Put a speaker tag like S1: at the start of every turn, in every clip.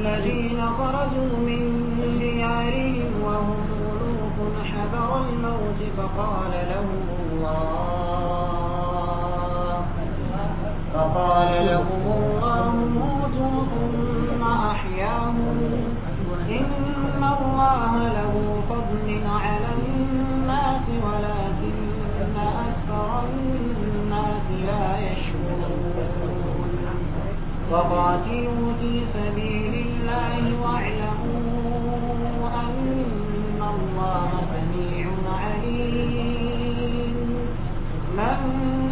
S1: الذين خرجوا من ديارهم وهم ملوك حذر الموت فقال لهم الله
S2: فقال لهم الله
S1: موتوا ثم أحياهم إن الله له فضل على الناس ولكن أكثر الناس
S2: لا يشكرون وقاتلوا
S1: في سبيل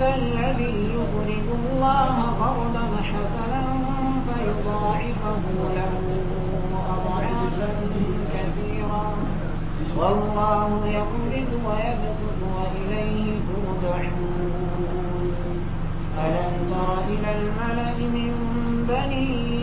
S2: ذا الذي
S1: يقرض الله قرضا حسنا فيضاعفه له أضعافا كثيرا والله يقرض ويبسط وإليه ترجعون ألم تر إلى الملأ من بني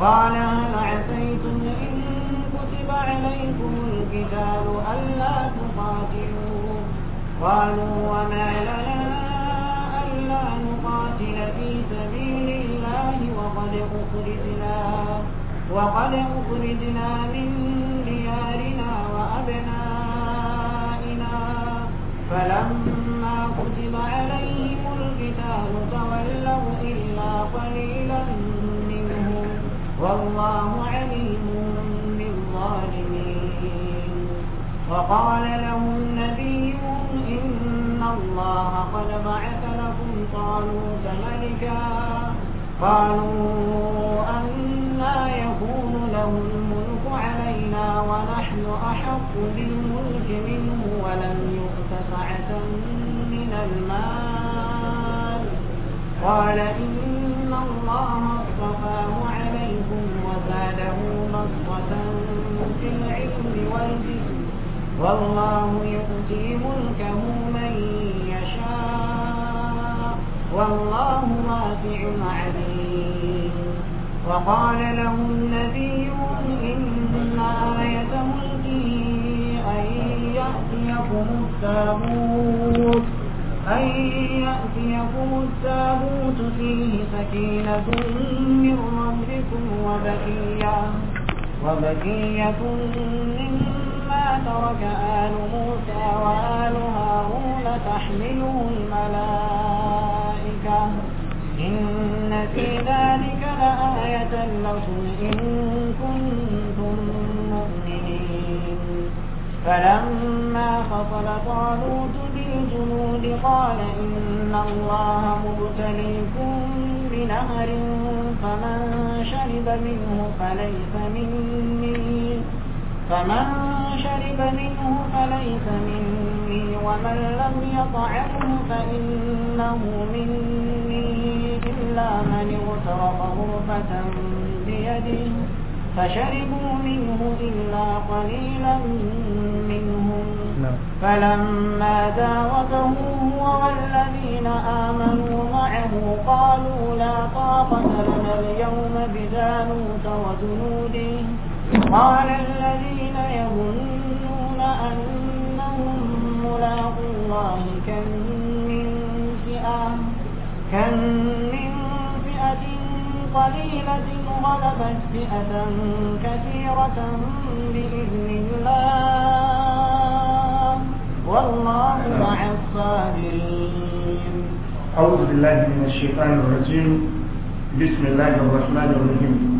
S1: قال هل عسيتم إن كتب عليكم القتال ألا تقاتلوا قالوا وما لنا ألا نقاتل في سبيل الله وقد أخرجنا وقد أخرجنا من ديارنا وأبنائنا فلما كتب عليهم القتال تولوا إلا قليلا منهم والله عليم بالظالمين وقال لهم نبيهم إن الله قد بعث لكم طالوت ملكا قالوا أنا يكون له الملك علينا ونحن أحق بالملك منه ولم يؤت سعة من المال قال إن والله يؤتي ملكه من يشاء والله واسع عليم وقال لهم نبيهم إن آية ملكه أن يأتيكم التابوت أن يأتيكم التابوت فيه سكينة من ربكم وبكية وبكية مما ترك آل موسى وآل هارون تحمله الملائكة إن في ذلك لآية لكم إن كنتم مؤمنين فلما فصل طالوت بالجنود قال إن الله مبتليكم بنهر فمن شرب منه فليس مني فمن شرب منه فليس مني ومن لم يطعمه فإنه مني إلا من اغترف غرفة بيده فشربوا منه إلا قليلا منهم نعم. فلما داوته هو والذين آمنوا معه قالوا لا طاقة لنا اليوم بجانوت وجنوده قال الذين يظنون أنهم ملاقو الله كم من فئة كم من فئة قليلة غلبت فئة كثيرة بإذن الله والله مع الصابرين
S3: أعوذ بالله من الشيطان الرجيم بسم الله الرحمن الرحيم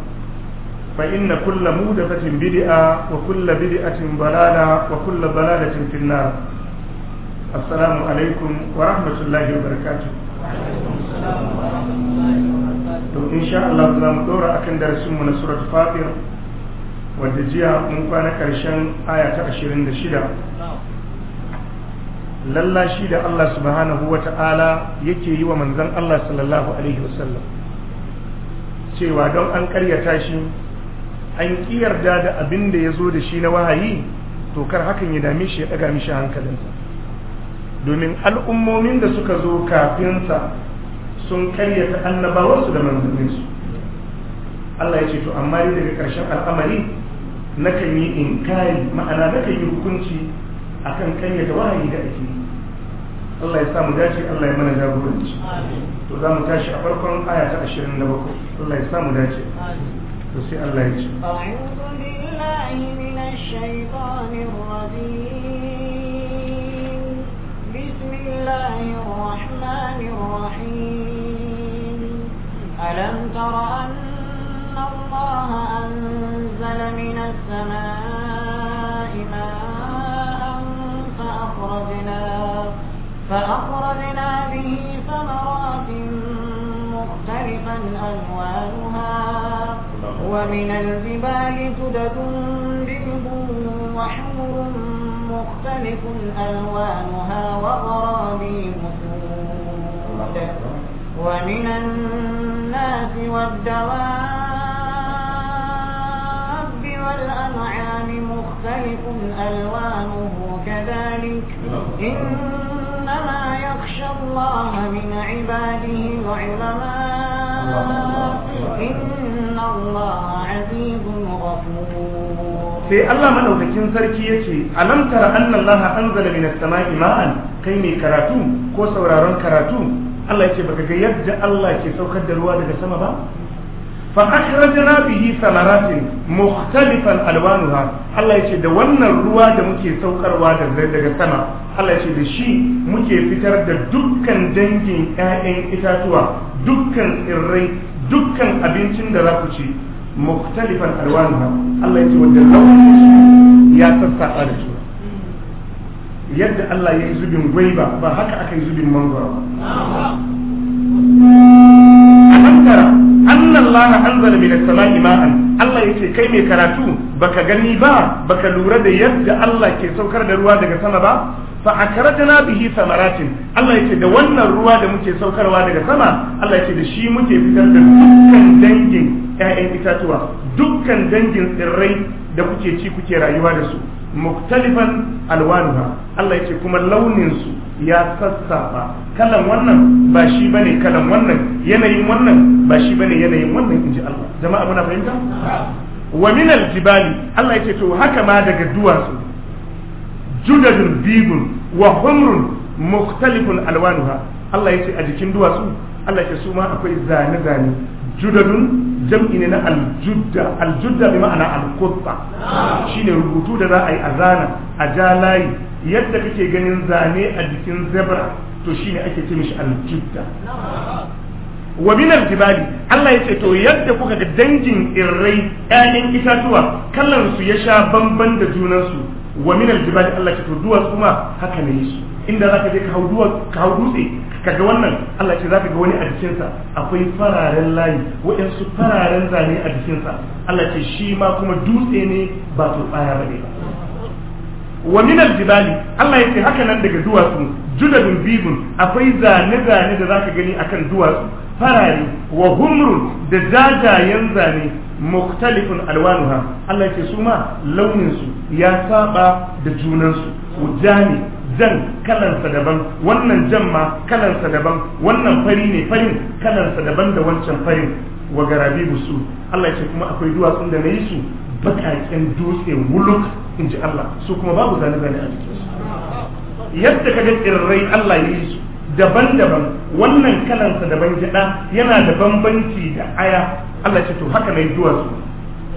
S3: فإن كل مودفة بدعة وكل بدعة ضلالة وكل ضلالة في النار السلام عليكم ورحمة الله وبركاته
S2: to insha Allah za mu dora
S3: akan darasin mu na suratul fatir wadda jiya mun kwana karshen aya ta 26 lallashi da Allah subhanahu wa Ta'ala yake yi wa manzon Allah sallallahu alaihi wasallam cewa don an karyata shi an ki yarda da abin da ya zo da shi na wahayi to kar hakan ya dame shi ya ɗaga mishi hankalinsa domin al'ummomin da suka zo kafinsa sun karyata annabawarsu da manzanninsu Allah ya ce to amma ni daga ƙarshen al'amari kan yi in inkari ma'ana na kan yi hukunci akan karyata wahayi da ake yi Allah ya sa mu dace Allah ya mana jagoranci to za mu tashi a farkon aya ta 27 Allah ya sa mu dace أعوذ بالله
S1: من الشيطان الرجيم بسم الله الرحمن الرحيم ألم تر أن الله أنزل من السماء ماء فأخرجنا, فأخرجنا به ثمرات مختلفا ألوانها ومن الجبال جدد بيض وحمر مختلف ألوانها وغرابي مسود ومن الناس والدواب والأنعام مختلف ألوانه كذلك إنما يخشى الله من عباده العلماء sai Allah
S3: madaukakin sarki yace alamtar annan anna Allah anzala minas sama'i ma'an kai mai karatu ko sauraron karatu Allah yace baka ga yadda Allah ke saukar da ruwa daga sama ba fa akhrajna bihi thamaratin mukhtalifan alwanuha Allah ce da wannan ruwa da muke saukarwa daga sama Allah ce da shi muke fitar da dukkan dangin ƴaƴan itatuwa dukkan tsirrai dukkan abincin da za ku ci muktalifan alwanha Allah ya ce wanda launin su ya sassaɓa da juna yadda Allah ya yi zubin gwaiba ba haka aka yi zubin mangoro ba anna Allah anzala min as-sama'i ma'an Allah yace kai mai karatu baka gani ba baka lura da yadda Allah ke saukar da ruwa daga sama ba fa akradna bihi samaratin Allah yake da wannan ruwa da muke saukarwa daga sama Allah yake da shi muke fitar da dukkan dangin ƴaƴan itatuwa dukkan dangin tsirrai da kuke ci kuke rayuwa da su muktalifan alwanuha Allah yake kuma launin su ya sassafa kalan wannan ba shi bane kalan wannan yanayin wannan ba shi bane yanayin wannan inji Allah jama'a muna fahimta wa min aljibali Allah yake to haka ma daga duwatsu judadun bigun wa humrun mukhtalifun alwanuha Allah yace a jikin duwatsu Allah yace su ma akwai zane zane judadun jam'i ne na aljudda aljudda bi ma'ana alqutta shine rubutu da za a yi a zana a ja layi yadda ke ganin zane a jikin zebra to shine ake ce mishi aljudda wa min aljibali Allah yace to yadda kuka ga dangin irrai ƴaƴan itatuwa kallon su ya sha bamban da junan su wa min aljibal Allah ce to duwatsu kuma haka ne su inda zaka je ka hau ka hau dutse kaga wannan Allah ce zaka ga wani a jikin sa akwai fararen layi waɗansu fararen zane a jikin sa Allah ce shi ma kuma dutse ne ba to tsaya bane wa min aljibal Allah ya ce haka nan daga duwatsu judadun bibun akwai zane zane da zaka gani akan duwatsu farare wa humrun da jajayen zane alwanu alwanuha Allah yake su ma launin ya saba da junansu. su jan kalansa daban wannan jamma ma kalansa daban wannan fari ne farin kalansa daban da wancan farin wa garabi busu Allah yake kuma akwai duwatsun da na yi su bakaken dutse wuluk in ji Allah su kuma babu zane zane a jikinsu yadda kaga tsirrai Allah ya yi su daban-daban wannan kalansa daban gida yana da bambanci da aya Allah ce to haka ne duwatsu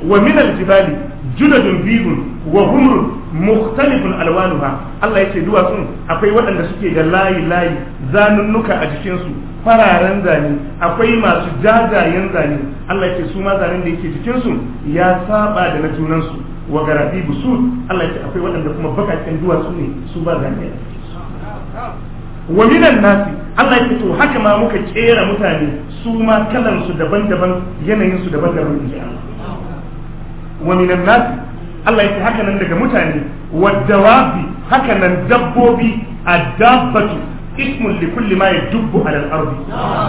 S3: wa min Jibali, judadun bibun wa humrun mukhtalifun alwanuha Allah ya ce duwatsun akwai waɗanda suke da layi layi zanunnuka a jikinsu fararen zane akwai masu jajayen zane Allah ya ce su ma zanen da yake jikinsu ya saba da na junansu wa garabi busud Allah ya ce akwai waɗanda kuma bakakken duwatsu ne su ba zane wa minan nasi Allah ya to haka ma muka kera mutane su ma kalan daban-daban yanayinsu daban-daban inji wa minan nasi Allah ya ce haka nan daga mutane wa dawabi haka nan dabbobi dabbatu. ismun li kulli ma yadubbu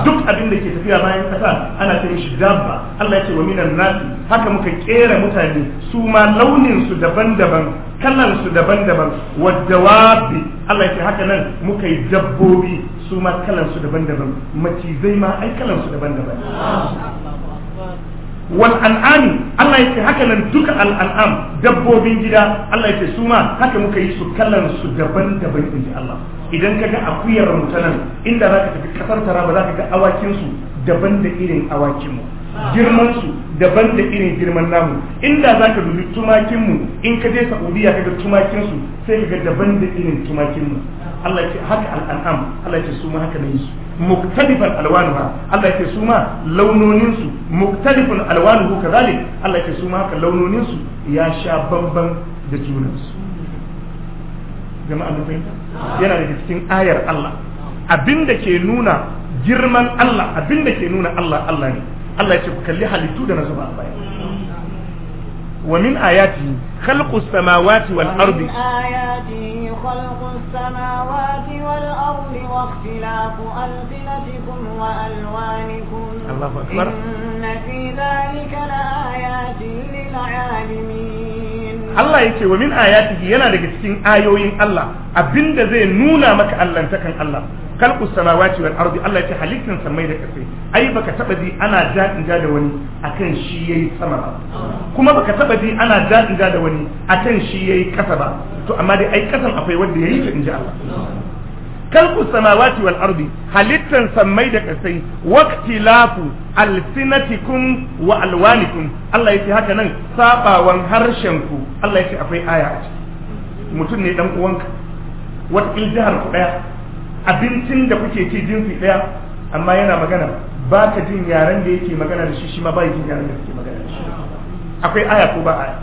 S3: duk abinda ke tafiya bayan kasa ana ta shi dabba Allah yace wa minan nas haka muka kera mutane su ma daban-daban kalan su daban-daban wadawabi Allah yace haka nan muka yi dabbobi su ma daban-daban macizai ma ai kalan su daban-daban wal an'ami Allah yake haka nan duka al dabbobin gida Allah yake su haka muka yi su kalan su daban-daban inji Allah idan ka ga akuyar mutanen inda za ka tafi kasar tara ba za ka ga awakinsu daban da irin awakinmu girmansu daban da irin girman namu inda za ka dubi tumakinmu in ka je saudiya ka ga tumakinsu sai ka ga daban da irin tumakinmu Allah ya ce haka al'an'am Allah ya ce su ma haka ne su muktalifan alwanuha Allah ya ce su ma launoninsu muktalifan alwanuhu kazalik Allah ya ce su ma haka launoninsu ya sha bamban da junansu jama'a mun fahimta yana daga cikin ayar Allah abinda ke nuna girman Allah abinda ke nuna Allah Allah ne Allah ya ce ku kalli halittu da na zuba a baya wa min ayati khalqu samawati wal ardi
S1: ayati khalqu samawati wal ardi wa ikhtilafu alsinatikum wa alwanikum Allahu akbar inna fi dhalika la ayatin lil alamin Allah ya ce wa min ayatihi
S3: yana daga cikin ayoyin Allah abinda zai nuna maka allantakan Allah kalkus samawati wal ardi Allah ya ce halittin samai da kasai ai baka taba ji ana ja inja da wani akan shi yayi sama ba kuma baka taba ji ana ja inja da wani akan shi yayi kasa ba to amma dai ai kasan akwai wanda yayi ta inji Allah kalku samawati wal halittar san mai da kasai waqtilafu alsinatikum wa alwanikum Allah yace haka nan sabawan harshen ku Allah yace akwai aya a ciki mutum ne dan uwanka wata jihar ku daya abincin da kuke ci jinsi daya amma yana magana ba ka jin yaren da yake magana da shi shi ba jin yaren da yake magana da shi akwai aya ko ba aya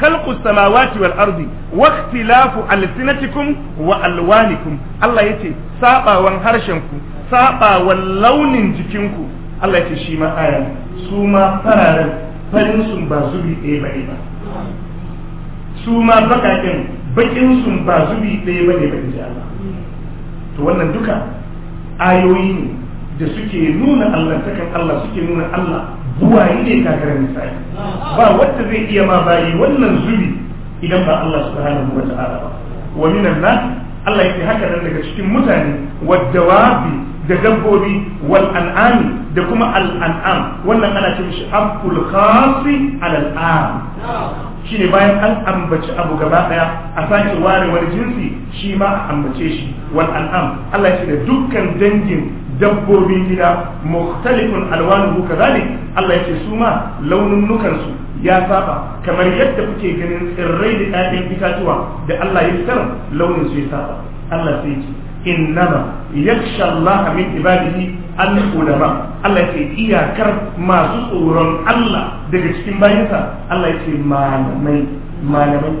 S3: خلق السماوات والأرض واختلاف ألسنتكم وألوانكم الله يتي سابا وانهرشنكم سابا واللون جكنكم Allah ce shi ma aya su ma fararen farin ba zubi ɗaya ba ba su ma bakakin bakin ba zubi ɗaya ba ne ba inji Allah to wannan duka ayoyi ne da suke nuna Allah takan Allah suke nuna Allah buwaye ne kakarar misali ba wanda zai iya ma bayi wannan zubi idan ba Allah subhanahu wa ta'ala ba wa minan Allah yake haka nan daga cikin mutane wafi da dabbobi wal an'ami da kuma al an'am wannan ana ce mishi abul khasi al an'am shine bayan an ambaci abu gaba daya a sake ware wani jinsi shi ma a ambace shi wal an'am Allah ya ce da dukkan dangin dabbobin gida mukhtalifun alwanuhu kadhalik Allah ya ce su ma launin nukansu ya saba kamar yadda kuke ganin tsirrai da ƴaƴan itatuwa da Allah ya fitar launin su ya saba Allah sai ya ce innama yakhsha Allah min ibadihi al-ulama Allah ya iyakar masu tsoron Allah daga cikin bayansa Allah ya ce malamai malamai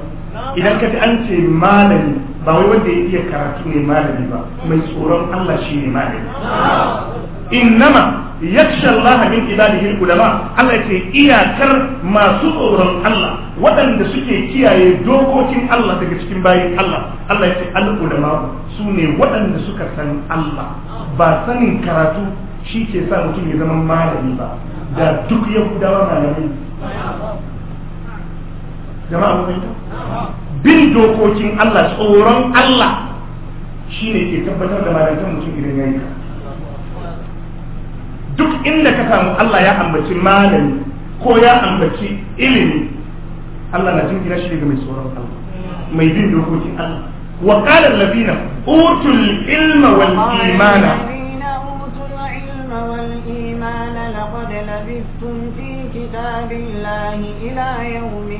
S3: idan ka ji an ce malami ba wai wanda ya iya karatu ne malami ba mai tsoron Allah shi ne malami innama yakhsha Allah min ibadihi ulama Allah ce iyakar masu tsoron Allah waɗanda suke kiyaye dokokin Allah daga cikin bayan Allah Allah ce al ulama su ne waɗanda suka san Allah ba sanin karatu shi ke sa mutum ya zama malami ba da duk yahudawa malamai bin dokokin Allah tsoron Allah shi shine ke tabbatar da malantar mutum idan yayi karatu duk inda ka samu Allah ya ambaci malami ko ya ambaci ilimi Allah na jin jingina shi daga mai tsoron Allah mai bin dokokin Allah wa qala allazina utul ilma wal imana
S1: لقد لبثتم في كتاب الله إلى يوم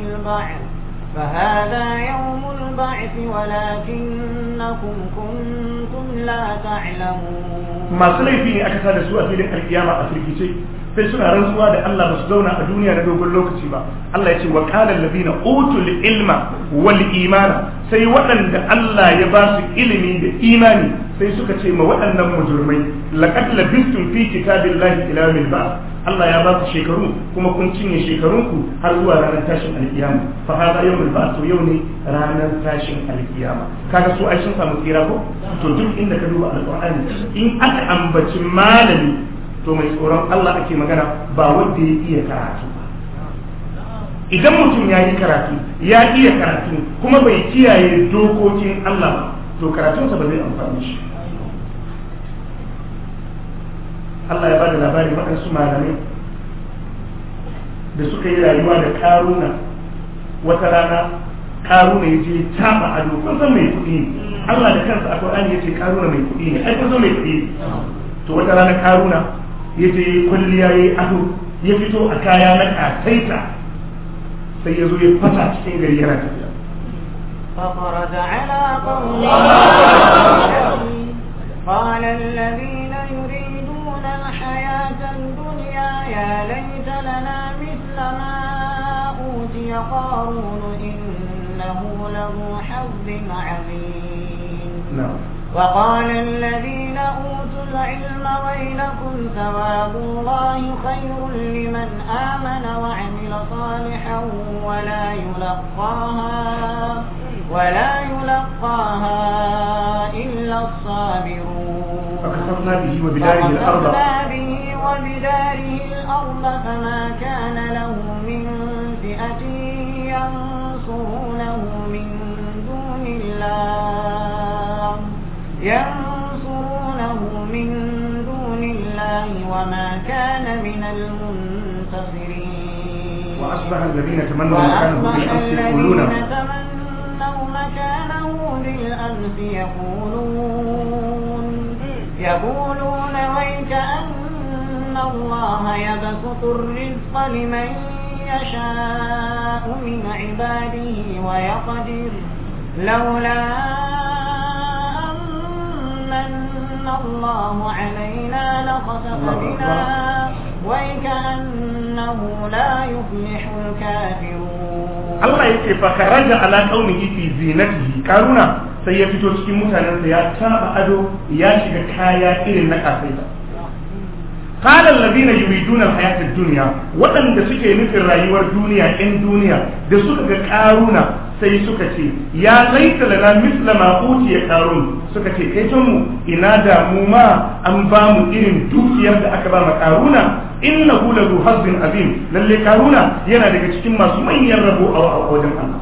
S1: فهذا يوم البعث ولكنكم كنتم لا تعلمون ما سلفي
S3: أكثر سوء في القيامة أفريقيا sai suna rantsuwa da Allah ba su zauna a duniya da dogon lokaci ba Allah ya ce wa qala allazina utul ilma wal imana sai waɗanda Allah ya ba su ilimi da imani sai suka ce ma waɗannan mujrimai laqad labistum fi kitabillahi ila min ba Allah ya ba ku shekaru kuma kun cinye shekarunku har zuwa ranar tashin alkiyama fa hada yawmul ba'th yau ne ranar tashin alkiyama kaga su ai sun samu tsira ko to duk inda ka duba alqur'ani in aka ambaci malami to mai tsoron Allah ake magana ba wanda ya iya karatu ba idan mutum ya yi karatu ya iya karatu kuma bai kiyaye dokokin Allah to karatunsa ba zai amfani shi Allah ya bada labari waɗansu malamai da suka yi rayuwa da karuna wata rana karuna ya je taba ado kun san mai kuɗi ne Allah da kansa a Qur'ani ya ce karuna mai kuɗi ne ai kun san mai kuɗi ne to wata rana karuna ya je kulliya yi ado ya fito a kaya na kataita sai ya zo ya fata cikin gari yana tafiya
S1: فخرج على قومه قال الذين يا ليت لنا مثل ما أوتي قارون إنه له حظ عظيم نعم وقال الذين أوتوا العلم ويلكم ثواب الله خير لمن آمن وعمل صالحا ولا يلقاها ولا يلقاها إلا الصابرون فخسفنا به وبداره الأرض به وشق بداره الأرض فما كان له من فئة ينصرونه من دون الله ينصرونه من دون الله وما كان من المنتصرين
S2: وأصبح الذين تمنوا مكانه بالأمس يقولون
S1: مكانه بالأمس يقولون يقولون ويك أن إن الله يبسط الرزق لمن يشاء من عباده ويقدر
S2: لولا
S1: أن الله علينا لخسف بنا وكأنه لا يفلح الكافرون الله يكفي
S3: فخرج على قومه في زينته كارونا sai ya fito cikin mutanensa ya taba ado ya shiga kaya irin na kafaita قال الذين duniya waɗanda suke nufin rayuwar duniya رايور duniya da suka ga كارونا sai suka ce ya laita lana misla ma utiya karun suka ce kai mu ina da mu ma an ba mu irin dukiyar da aka ba ma karuna innahu lahu hazzin azim lallai karuna yana daga cikin masu manyan rabo a wajen Allah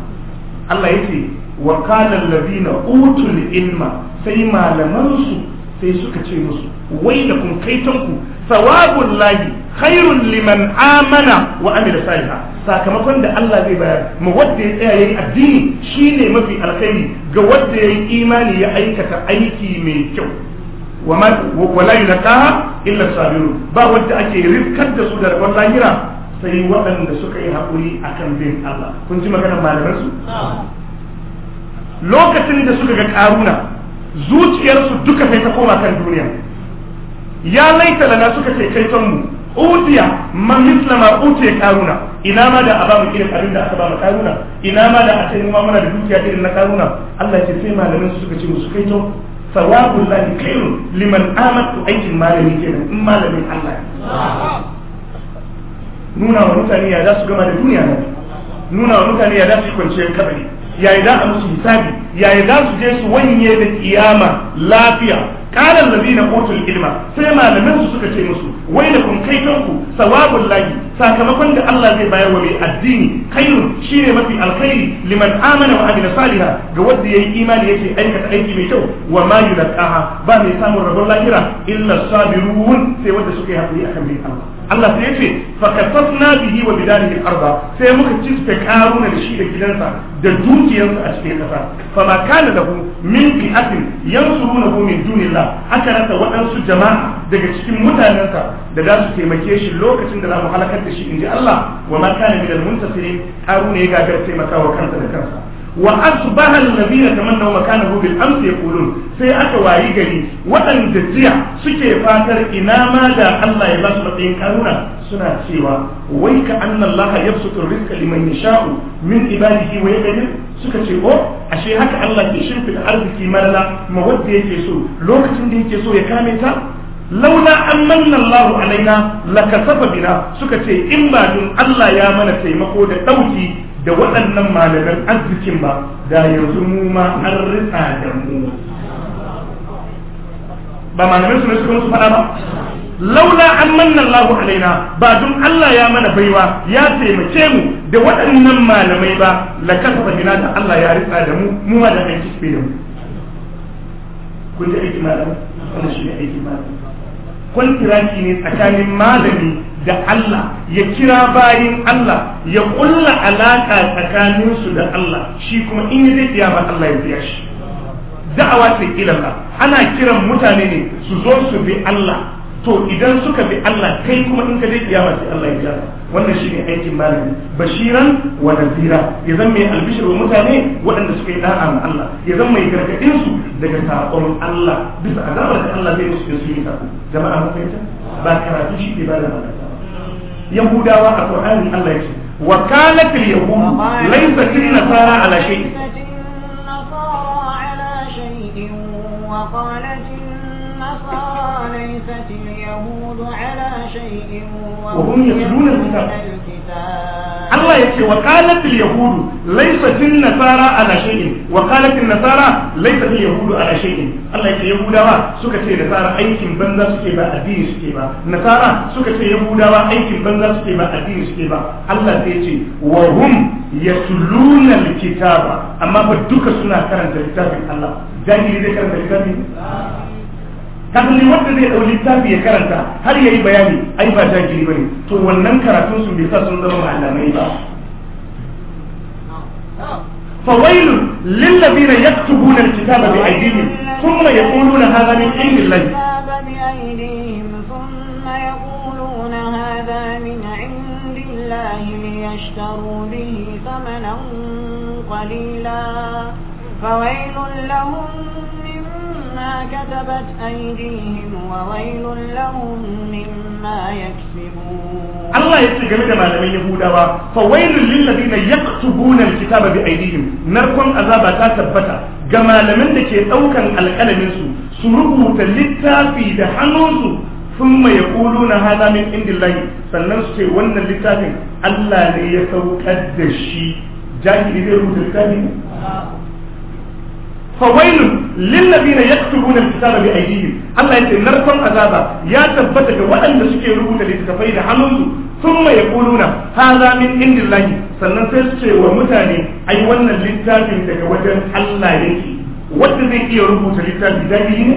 S3: Allah yace wa qala allazina utul ilma sai malaman sai suka ce musu wai da kun kai tanku sawabun lahi khairun liman amana wa amila saliha sakamakon da Allah zai bayar ma wanda ya tsaya yayi addini shine mafi alkhairi ga wanda yayi imani ya aikata aiki mai kyau wa ma wala yunqaha illa sabirun ba wanda ake rifkar da su da rabon lahira sai waɗanda suka yi haƙuri akan bin Allah kun ji maganar malamansu lokacin da suka ga karuna zuciyarsu duka sai ta koma kan duniya ya laita lana suka ce kai mu utiya man misla ma utiya karuna ina ma da aba mu irin abin da aka ba mu karuna ina ma da aka yi muna da dukiya irin na karuna Allah ya ce sai malamin su suka ce musu kai tan sawabul lahi khairun liman amatu aikin malami kenan in malamin Allah nuna wa mutane ya za su gama da duniya nan nuna wa mutane ya za su kwanciyar kabari yayi za a musu hisabi yayi za su je su wanye da kiyama lafiya قال na otul ilma sai malaman su suka ce musu wai da kun kai kanku sawabul lahi sakamakon da Allah zai bayar wa mai addini khairun shine mafi alkhairi liman amana wa amila salihan ga wanda yayi imani yace aikata aiki mai kyau wa ma yulqaha ba mai samun rabon lahira illa sabirun sai wanda suka yi hakuri akan bin Allah Allah sai yace fa kasafna bihi wa bidarihi al-arda sai muka cisfe karuna da shi da gidansa da dukiyarsa a cikin kasa fa ma kana lahu min fi'atin yansurunahu min dunillah aka rasa waɗansu jama'a daga cikin mutanensa da za su taimake shi lokacin da za mu halakar da shi inji Allah wa ma kana min al-muntasirin karuna ya gagar taimakawa kansa da kansa wa asbaha allazina tamannaw makanahu bil amsi yaqulun sai aka wayi gari waɗanda jiya suke fatar ina ma da Allah ya basu matsayin karuna suna cewa wai ka anna Allah yabsutu rizqa liman yasha'u min ibadihi wa yaqdir suka ce o oh, ashe haka Allah ke shimfida arziki marala ma wanda yake so lokacin da yake so ya kame ta laula an manna Allahu alaina lakasafa bina suka ce in ba dun Allah ya mana taimako da dauki da waɗannan malaman arzikin ba da yanzu mu ma an ritsa da mu ba malamin su ne suka musu faɗa ba laula an manna Allahu alaina ba don Allah ya mana baiwa ya taimake mu da waɗannan malamai ba la kasafa bina da Allah ya ritsa da mu mu ma da aiki da mu kun ji aiki malamai Kana shi ne aiki malamai kwantiraki ne tsakanin malami da Allah ya kira bayin Allah ya kulla alaka tsakaninsu da Allah shi kuma in yi zai ba Allah ya biya shi da'awa sai ilalla. ana kiran mutane ne su zo su bi Allah to idan suka bi Allah kai kuma in ka zai ba sai Allah ya biya wannan shi ne aikin malami bashiran wa nazira ya zan mai albishir wa mutane waɗanda suka yi da'a ma Allah ya zan mai gargaɗin su daga saƙon Allah bisa azabar da Allah zai musu da su yi saƙo jama'a mun fahimta ba karatu shi ne ba da malaka yahudawa a Qur'ani Allah ya
S2: ce wa kanat al yahud laysa lin nasara ala shay'in
S1: وقالت والنصارى ليست
S2: اليهود على شيء وهم يتلون الكتاب الله يكفي
S3: وقالت اليهود ليست النصارى على شيء وقالت النصارى ليست اليهود على شيء الله يكفي يهودا سكة نصارى أيكم بنزا سكيبا أدين سكيبا نصارى سكة يهودا أيكم بنزا سكيبا أدين سكيبا الله يكفي وهم يتلون الكتاب أما بدك سنة كرنت الكتاب الله جاهل ذكر الكتاب kafin kalli wanda zai ɗau littafi ya karanta har ya yi bayani ai ba ta jahili bane to wannan karatun su bai sa sun zama malamai ba فويل للذين يكتبون الكتاب بأيديهم ثم يقولون هذا من عند الله ثم يقولون
S1: هذا من عند الله ليشتروا به ثمنا قليلا فويل لهم من بما كتبت أيديهم وويل لهم مما يكسبون الله يسي جميل
S3: ما لم يهودا فويل للذين يكتبون الكتاب بأيديهم نركم أذابا تثبتا جما لمن دكي أوكا القلم su rubuta littafi da hannunsu sun mai kulu na hada min indillahi sannan su ce wannan littafin Allah ne ya saukar da shi zai rubuta littafi fawailun lillazina yaktubuna alkitaba bi aydihim Allah yace narkon azaba ya tabbata da waɗanda suke rubuta littafai da hannunsu thumma yaquluna hadha min indillahi sannan sai su ce wa mutane ai wannan littafin daga wajen Allah yake wanda zai iya rubuta littafi jahili ne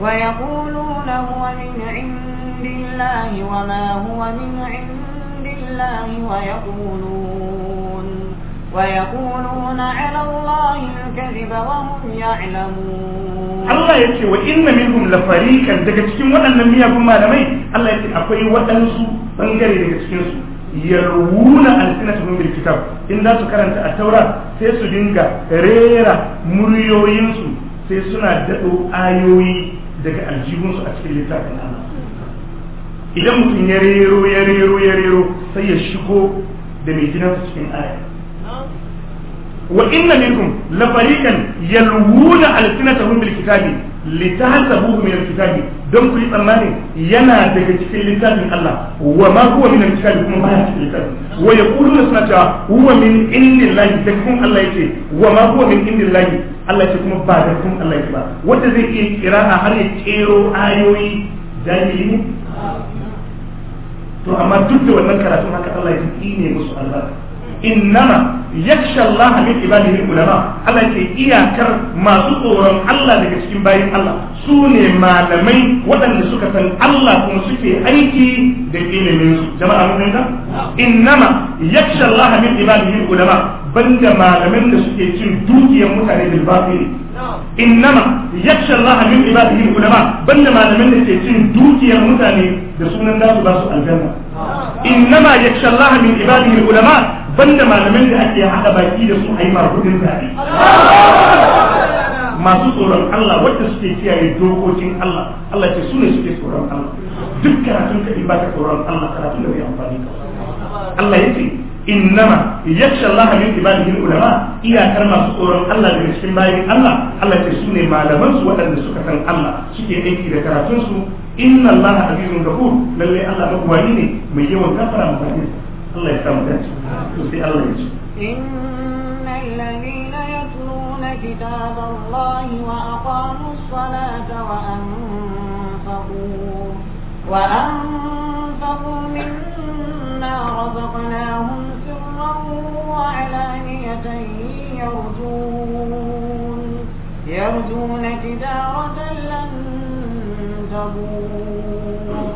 S1: ويقولون هو من عند الله وما هو من عند الله ويقولون ويقولون على الله الكذب وهم يعلمون الله يتي
S3: وإن منهم لفريقا daga cikin waɗannan miyagun malamai Allah ya ce akwai waɗansu bangare daga cikin su yarwuna alsinatuhum bil kitab in za su karanta a taura sai su dinga rera muryoyinsu sai suna daɗo ayoyi daga aljihunsu a cikin littafin Allah idan mutum ya rero ya rero ya rero sai ya shigo da mai gina gidansa cikin aya wa inna minkum la fariqan yalwuna alsinatahum bil kitabi litahsabuhu min al kitabi don ku yi tsammani yana daga cikin littafin Allah wa ma huwa min al kitabi kuma baya cikin littafin wa yaquluna sunata huwa min indillahi da kuma Allah yace wa ma huwa min indillahi Allah ya ce kuma ba da tun Allah ya ba wanda zai iya kira'a har ya kero ayoyi jahili ne to amma duk da wannan karatun haka Allah ya ne musu albarka innama yakhsha Allah min ibadihi ulama Allah ce iyakar masu tsoron Allah daga cikin bayin Allah su ne malamai waɗanda suka san Allah kuma suke aiki da ilimin su jama'a mun ga innama yakhsha Allah min ibadihi ulama banda malamin da suke cin dukiyar mutane bil batili innama yakhsha Allah min ibadihi ulama banda malamin da suke cin dukiyar mutane da sunan da su ba su aljanna innama yakhsha Allah min ibadihi ulama banda malamin da ake hada baki da su ayi marhudin zabi masu tsoron Allah wanda suke kiyaye dokokin Allah Allah ce su suke tsoron Allah duk karatun ka in baka tsoron Allah karatun da bai amfani ka Allah yake innama yakhsha Allah min ibadihi ulama iyakar masu tsoron Allah daga cikin bayin Allah Allah ce su ne malaman waɗanda suka san Allah suke aiki da karatun su inna Allah azizun ghafur lalle Allah magwani ne mai yawan kafara mutane Allah ya samu dace Allah ya ce
S1: الذين يتلون كتاب الله وأقاموا الصلاة وأنفقوا وأنفقوا مما رزقناهم وعلانية يرجون, يرجون تجارة لن تبور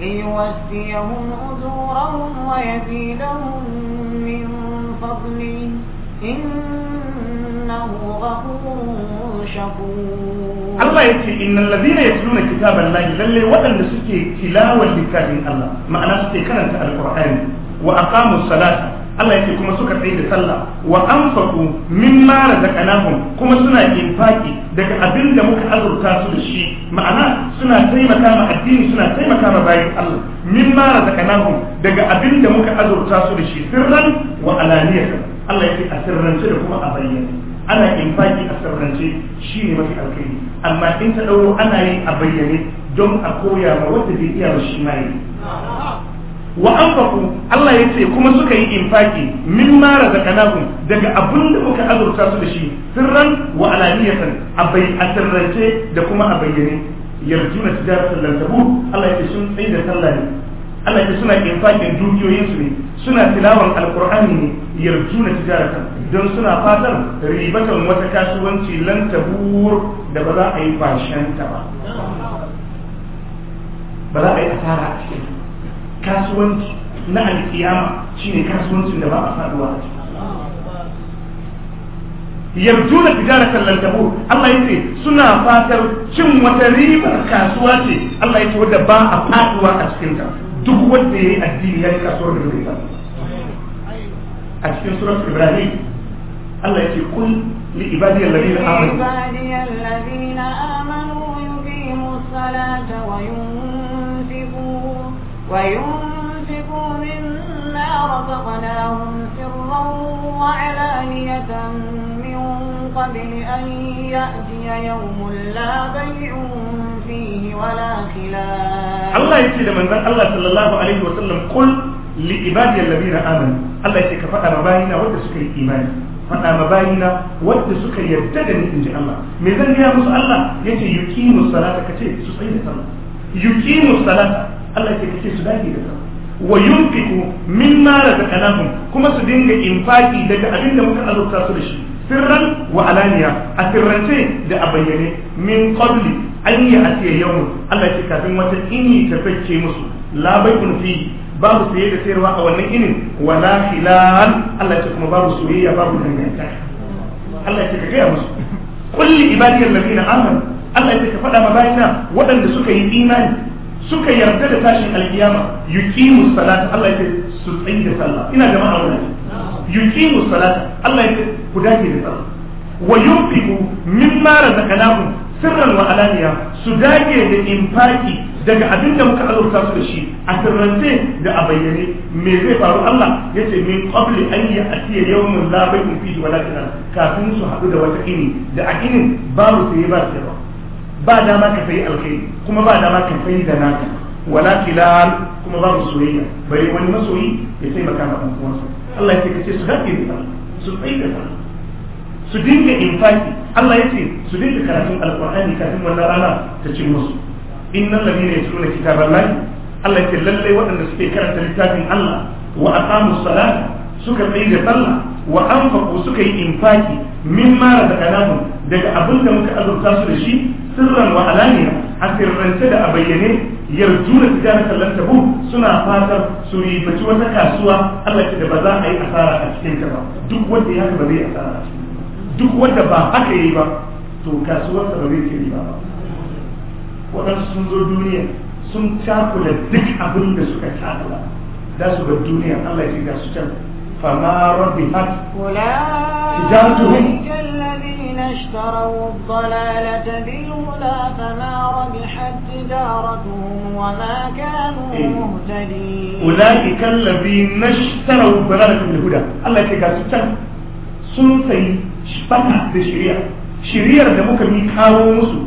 S1: ليوفيهم أجورهم ويزيدهم من فضله إنه غفور شكور Allah ya
S3: ce innal ladina yatluna kitaballahi lalle waɗanda suke tilawar littafin Allah ma'ana suke karanta alqur'ani wa aqamus salata Allah yake kuma suka tsaye da sallah wa anfaqu mimma razaqnahum kuma suna infaki daga abin da muka azurta su da shi ma'ana suna taimaka ma addini suna taimaka ma bayin Allah mimma razaqnahum daga abin da muka azurta su da shi sirran wa alaniyatan Allah yake a sirrance da kuma a bayyane ana infaki a sirrance shine mafi alkhairi amma in ta dauro ana yi a bayyane don a koya ma wanda bai iya ba shi ma yi wa anfaqu Allah ya ce kuma suka yi infaki mimma razaqnakum daga abin da muka azurta su da shi sirran wa alaniyatan a sirrance da kuma a bayyane yarjuna tijaratan lan tabu Allah ya ce sun tsaye da sallah ne Allah ce suna infakin dukiyoyin ne suna tilawan alqur'ani ne yarjuna tijaratan don suna fatar ribatan wata kasuwanci lan tabur da ba za a yi fashen ba ba za a yi asara a cikin kasuwanci na alkiyama shine kasuwancin da ba a faduwa a ciki yarjuna tijaratan lan tabur Allah yace suna fatar cin wata ribar kasuwa ce Allah yace wadda ba a faduwa a cikin ta duk wanda yayi addini yayi kasuwar da zai samu a cikin surat Ibrahim Allah yace kul li ibadi alladhina amanu
S1: ibadi alladhina amanu yuqimu as-salata wa وينفقوا مما رزقناهم سرا وعلانية من قبل أن يأتي يوم لا بيع فيه ولا خلال الله يتي
S3: من ذن الله صلى الله عليه وسلم قل لعبادي الذين آمنوا الله يتي كفأنا باينا ودسكي إيماني faɗa ma bayina wanda suka yarda da ni in ji Allah me zan gaya musu Allah yace yuqimu salata kace su tsaye da sallah yuqimu salata Allah ke kace su dage da wa yunfiku mimma razaqnahum kuma su dinga infaki daga abin da muka azurta su da shi sirran wa alaniya a sirrance da a bayyane min qabli an yi a siya yau Allah ce kafin wata ini ta fake musu labai kun fi babu saye da sayarwa a wannan inin wala filan Allah ce kuma babu soyayya babu dangantaka Allah ce ka gaya musu kulli ibadiyar ladina amanu Allah ce ka faɗa ma bayina waɗanda suka yi imani suka yarda da tashin alkiyama yuqimu salata Allah yake su tsayi da sallah ina jama'a wannan yuqimu salata Allah yake ku dage da sallah wa yunfiqu mimma razaqnahum sirran wa alaniya su dage da infaki daga abin da muka azurta su da shi a sirrance da a bayyane me zai faru Allah ya ce min qabli an ya atiya yawmin la bai'un fihi wala kafin su haɗu da wata ini da a inin babu sai ba sai ba ba dama ka sayi alkhairi kuma ba dama ka sayi da naka wala kilal kuma babu soyayya bare wani masoyi ya taimaka ma ɗan uwansa Allah ya ce ka ce su haɗe da su tsaye da sallah su dinga infaki Allah ya ce su dinga karatun alkur'ani kafin wannan rana ta cin musu innal ladina yatluna kitaballahi Allah ya ce lalle waɗanda suke karanta littafin Allah wa aqamu salat suka tsaye da sallah wa anfaqu suka yi infaki min mara da kalamu daga abin da muka azurta su da shi sirran wa alaniya a sirrance da a bayyane yarju da tijarar kallon tabu suna fatar su yi faci wata kasuwa Allah ce da ba za a yi asara a cikin ta ba duk wanda ya ba zai asara a cikin duk wanda ba haka yi ba to kasuwar ta ba zai ci ba waɗansu sun zo duniya sun cakula duk abin da suka cakula da su ga duniya Allah ya ce ga su can فما ربحت تجارتهم
S1: الذين اشتروا الضلالة بالهدى فما ربحت تجارتهم وما كانوا مهتدين
S3: أولئك الذين اشتروا الضلالة بالهدى الله يتكاسوا sun sayi bata da shari'a shari'ar da muka mi kawo musu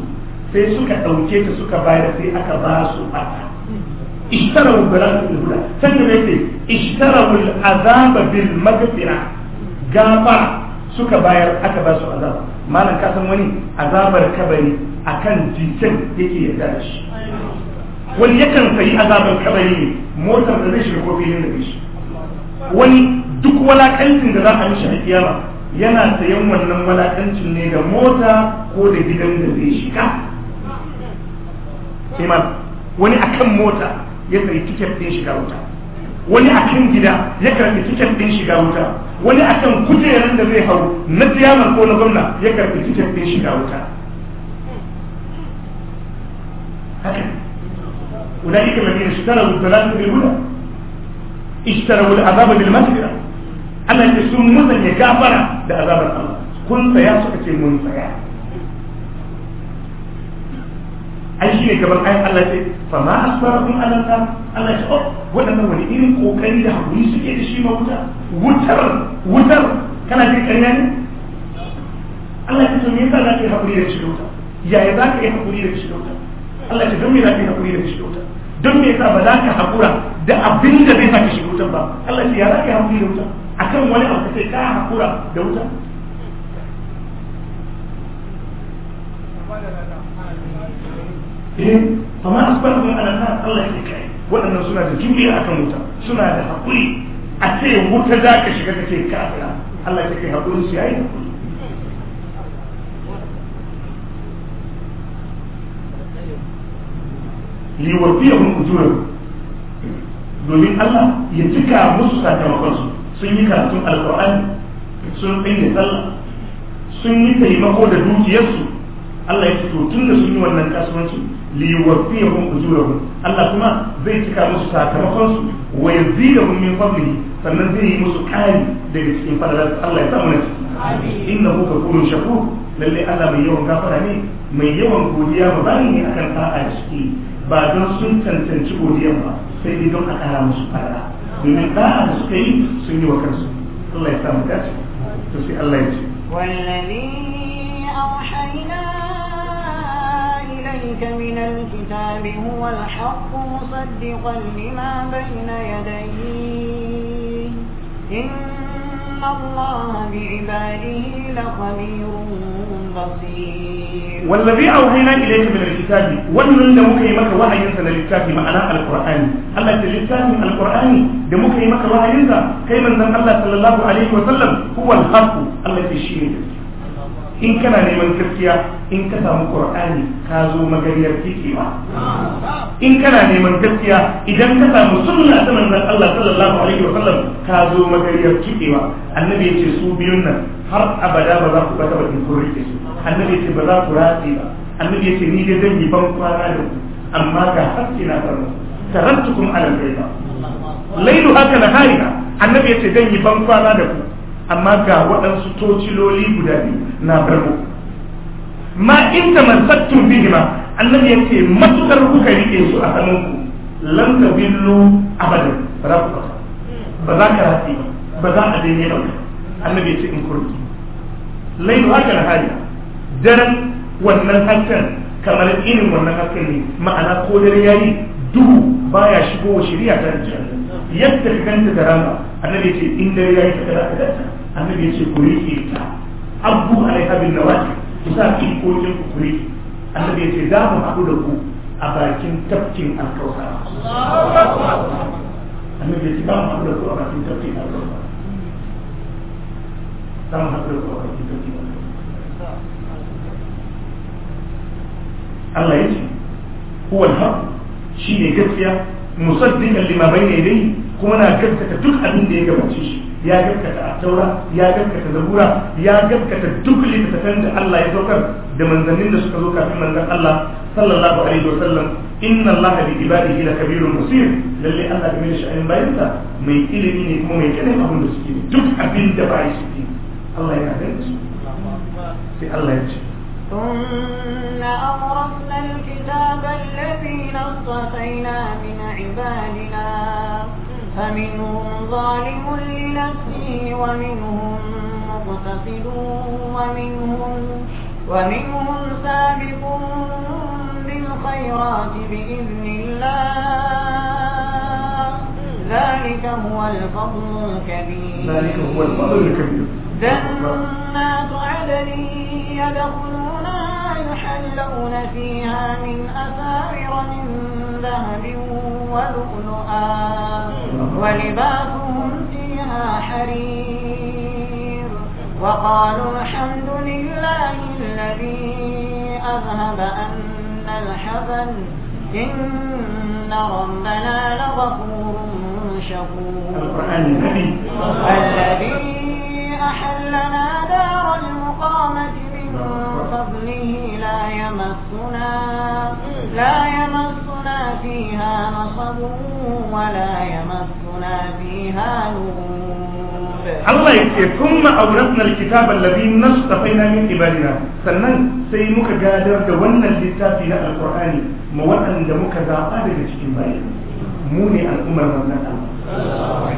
S3: sai suka ɗauke ta suka bayar sai aka ba su bata اشتروا البلاء بالهدى سنة يقول اشتروا العذاب بالمغفرة غافر suka bayar aka ba su azaba malam ka san wani azabar kabari akan jikin yake yarda da shi
S2: wani yakan sayi azabar
S3: kabari ne motar da zai shiga kofi filin da shi wani duk walakancin da za a mishi a kiyama yana sayan wannan walakancin ne da mota ko da gidan da zai shiga wani akan mota ya tiket shiga wuta wani a kan gida ya karɓi tiket ɗin shiga wuta wani a kan kujerar da zai hau na tiyama ko na gwamna ya karɓi tiket ɗin shiga wuta أولئك الذين اشتروا الضلالة بالهدى اشتروا العذاب بالمغفرة Allah ya sun musanya gafara da azabar Allah kun tsaya suka mun ai shine kamar ayin Allah ce fa ma asbarakum ala nar Allah ce oh wadannan wani irin kokari da hakuri suke da shi ma wuta wutar wutar kana jin ƙarya ne Allah ce to me yasa za ka yi hakuri da shi wuta ya yaya za ka yi hakuri da shi wuta Allah ce don me za ka yi hakuri da shi wuta don me yasa ba za ka hakura da abin da bai saka shi wutan ba Allah ce ya za ka yi hakuri da wuta akan wani abu sai ka hakura da wuta eh asibar asbal mun ala nan Allah ya kai waɗannan suna da juriya akan wuta suna da hakuri a ce wuta za ka shiga kace kafira Allah ya kai hakurin su yayi hakuri liwafiyahum ujurahum domin Allah ya cika musu sakamakon su sun yi karatun alkur'ani sun tsaye sallah sun yi taimako da dukiyarsu Allah ya ce to tun da sun yi wannan kasuwanci li yuwaffihum ujurahum Allah kuma zai cika musu sakamakon su wa yazidahum min fadlihi sannan zai yi musu kari daga cikin fadalar Allah ya sa mu na innahu ghafurun shakur lalle Allah mai yawan gafara ne mai yawan godiya ba bani ne akan sa'a ciki ba don sun cancanci godiya ba sai dai don a kara musu fara domin da'a da suka yi sun yi wa kansu Allah ya sa mu dace to sai Allah ya ce
S1: والذين أوحينا إليك من الكتاب هو الحق مصدقا لما بين يديه إن الله بعباده لخبير
S2: بصير
S3: والذي أوحينا إليك من الكتاب ولن دمك وحي سنة للكتاب معنا القرآن الله تجدان من القرآن دمك يمك وحي كيما أن الله صلى الله عليه وسلم هو الحق الذي شيء in kana neman gaskiya in ka samu qur'ani ka zo magariyar hikima in kana neman gaskiya idan ka samu sunna ta manzon Allah sallallahu alaihi wa sallam ka zo magariyar kikewa annabi ya ce su biyun nan har abada ba za ku bata ba in kurri ke su annabi ce ba za ku rafi ba annabi ya ce ni dai zan yi ban kwana da ku amma ga hakki na farko tarantukum ala al-layla laylu haka nahariha annabi ya ce zan yi ban kwana da ku amma ga waɗansu tociloli guda biyu na barko ma in tamassaktum bihima annabi ce matukar kuka rike su a hannunku lan tabillu abadan ba za ku fasa ba za ka rafi ba za a daidai ba annabi ce in kurki lailu haka na hali daren wannan hasken kamar irin wannan hasken ne ma'ana ko dare yayi duhu baya shigo wa shari'a ta rijiya yadda ka ganta da rana annabi ce in dare yayi ka kada ka dace annabi ya ce ku rike ta abu alaiha bin wace ku sa fi ku ku rike annabi ya ce za mu haɗu da ku a bakin tafkin alkawara annabi ya ce za mu haɗu da ku a bakin tafkin
S2: alkawara za mu haɗu da ku a bakin tafkin alkawara
S3: Allah ya ce huwa al shi ne gaskiya musaddiqan lima bayna yadayhi kuma na gaskata duk abin da ya gabace shi ya gaskata a taura ya gaskata zabura ya gaskata duk littattafan da Allah ya saukar da manzannin da suka zo kafin manzon Allah sallallahu alaihi wa sallam inna Allah bi ibadihi la kabirun musir lalle Allah game da sha'anin bayansa mai ilimi ne kuma mai kanin abin da suke duk abin da bai suke Allah ya gane su sai Allah ya ce
S1: ثم أورثنا الكتاب الذين اصطفينا من عبادنا فمنهم ظالم لنفسه ومنهم مقتصد ومنهم, ومنهم سابق بالخيرات بإذن الله ذلك هو الفضل الكبير ذلك هو الفضل الكبير
S2: جنات
S1: عدن يدخلونها يحلون فيها من أساور من ذهب ولؤلؤا ولباسهم فيها حرير وقالوا الحمد لله الذي أذهب أن الحزن إن ربنا لغفور شكور الذي أحلنا دار المقامة من فضله لا يمسنا لا يمسنا فيها نصب ولا يمسنا فيها لغوب
S2: Allah ya ce kun
S3: ma'auratna alkitab ibadina sannan sai muka gadar da wannan littafi na alqur'ani ma waɗanda muka zaba daga cikin bayi mu ne al'ummar manzon Allah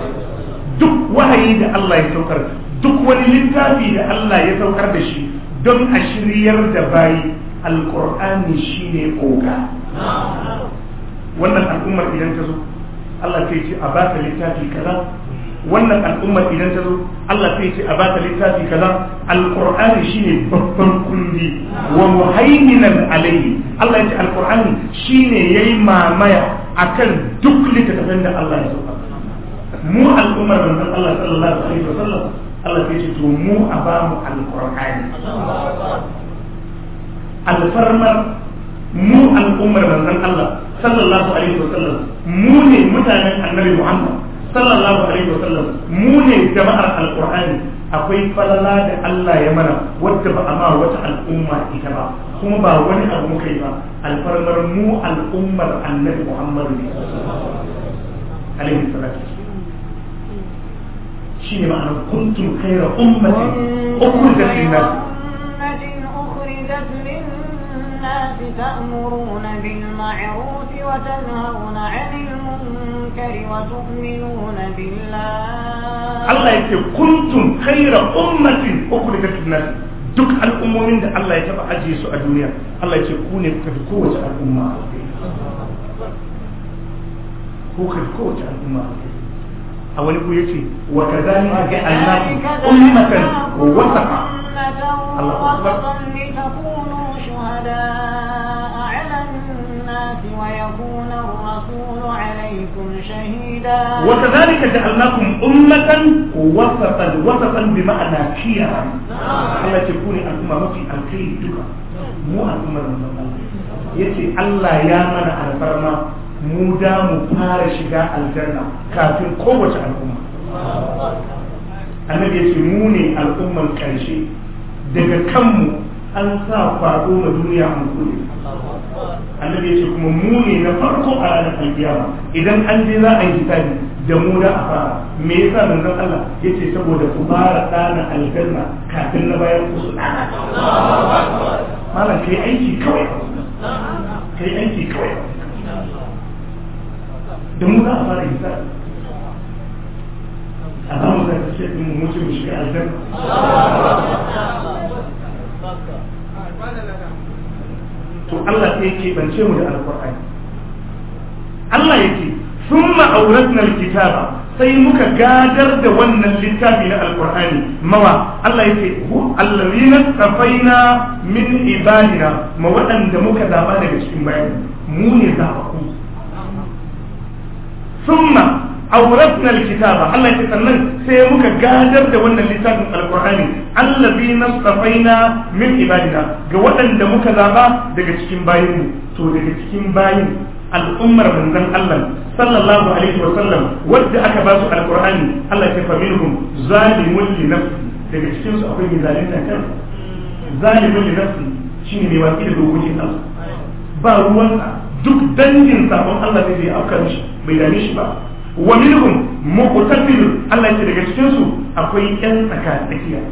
S3: duk wahayi da Allah ya saukar duk wani littafi da Allah ya saukar da shi don a shiryar da bayi alqur'ani shine oga wannan al'ummar idan ta zo Allah sai ce a ba ta littafi kaza wannan al'ummar idan ta zo Allah sai ce a ba ta littafi kaza alqur'ani shine babban kundi wa muhaiminan alayhi Allah ya ce alqur'ani shine yayi mamaya akan duk littafin da Allah ya sauka mu al'ummar da Allah sallallahu alaihi wasallam Allah sai ce to mu a ba mu alqur'ani alfarmar mu al'ummar manzon Allah sallallahu alaihi wasallam mu ne mutanen annabi Muhammad sallallahu alaihi wasallam mu ne jama'ar alqur'ani akwai falala da Allah ya mana wadda ba a ma wata al'umma ita ba kuma ba wani abu muka yi ba alfarmar mu al'ummar annabi Muhammad alaihi salatu shine ma'anar kuntum khayra ummatin ukhrijat lin-nas
S2: ummatin
S1: ukhrijat lin الناس تأمرون بالمعروف وتنهون عن المنكر وتؤمنون بالله
S3: الله يقول كنتم خير أمة أخرجت الناس دك الأمة من ده الله يتبع أجيسو الدنيا الله يقول كوني قد قوة الأمة هو قد قوة الأمة أولي قوية وكذلك جعلناكم أمة ووسطا الله أكبر
S1: شهداء على الناس ويكون الرسول عليكم شهيدا وكذلك جعلناكم
S3: أمة وسطا وسطا بمعنى خيرا ألا تكون الأمة في الخير دكا مو الأمة yace Allah ya mana alfarma mu da mu fara shiga aljanna kafin kowace al'umma annabi yace mu ne al'umman karshe daga kanmu an sa faɗo na duniya an kuɗe annabi ya ce kuma mu ne na farko a ranar alkiyama idan an je za a yi hisabi da mu da a fara me yasa manzon Allah ya ce saboda ku fara ɗana aljanna kafin na bayan ku su ɗana
S2: malam kai aiki kawai kai aiki kawai da mu za a
S3: fara hisabi a za mu ta ce mu mutu mu shiga aljanna to Allah sai yake bance mu da alqur'ani Allah yake thumma awratna sai muka gadar da wannan littafi na alƙur'ani mawa Allah yake hu allazina tafaina min ibadina ma waɗanda muka zaba daga cikin bayan mu ne zabaku thumma awrasna alkitaba Allah ya sannan sai muka gadar da wannan littafin alqur'ani allazi nastafaina min ibadina ga waɗanda muka zaba daga cikin bayinmu to daga cikin bayin al'ummar manzon Allah sallallahu alaihi wa sallam wadda aka basu alkur'ani alqur'ani Allah ya fa minhum zalimun li nafsi daga cikin su akwai zalunta kan zalimun li nafsi shine mai watsi da dokokin Allah ba ruwansa duk dangin sabon Allah ne da ya afkar bai dame shi ba wa minhum muqtasidun Allah ya daga cikin su akwai yan tsaka tsakiya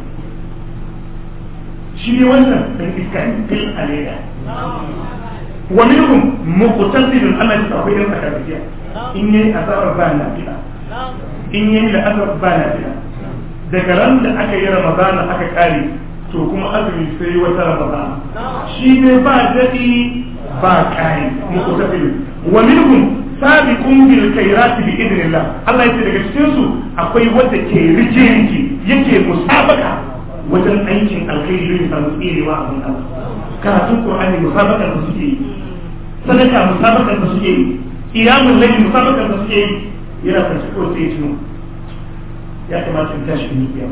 S3: shi ne wannan dan iska ne kai aleda wa minhum muqtasidun Allah ya akwai yan tsaka tsakiya in yayi asarar ba na fida in yayi da asarar ba na fida daga ran da aka yi ramadana aka kare to kuma azumi sai wata ramadana shi ne ba dadi ba kai muqtasidun wa minhum sabiqun bil khairati bi idnillah Allah yace daga cikin su akwai wanda ke rije rije yake musabaka wajen aikin alkhairi ne samu tsirewa a mun Allah karatun Qur'ani musabaka da suke yi sadaka musabaka da suke yi qiyamul layl musabaka da suke yi yana kan ko sai tuno ya kamata in tashi ni ya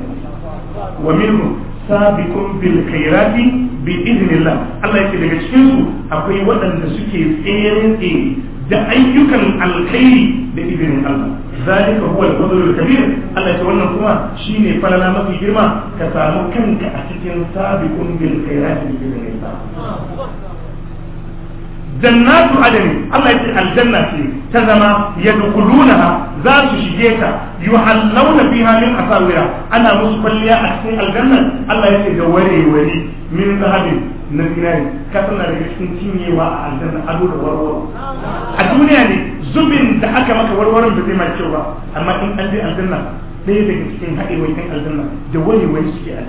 S3: wa minhu sabiqun bil khairati bi idnillah Allah yace daga cikin su akwai waɗanda suke tsere tsere da ayyukan alkhairi da izinin Allah zalika huwa al-fadl al-kabir Allah ya wannan kuma shine falala mafi girma ka samu kanka a cikin sabiqun bil khairat bi jannatu adani Allah ya ce aljanna ce ta zama yadkhulunaha za su shige ta yuhallawna fiha min asawira ana musu kwalliya a cikin aljanna Allah ya ce da warewari wari min zahabin na zinari kasar na daga cikin cinyewa a aljanna ado da warwaro a duniya ne zubin da aka maka warwaron da zai ma kyau ba amma in an je aljanna ɗaya daga cikin haɗewai ɗin aljanna da wani wani suke a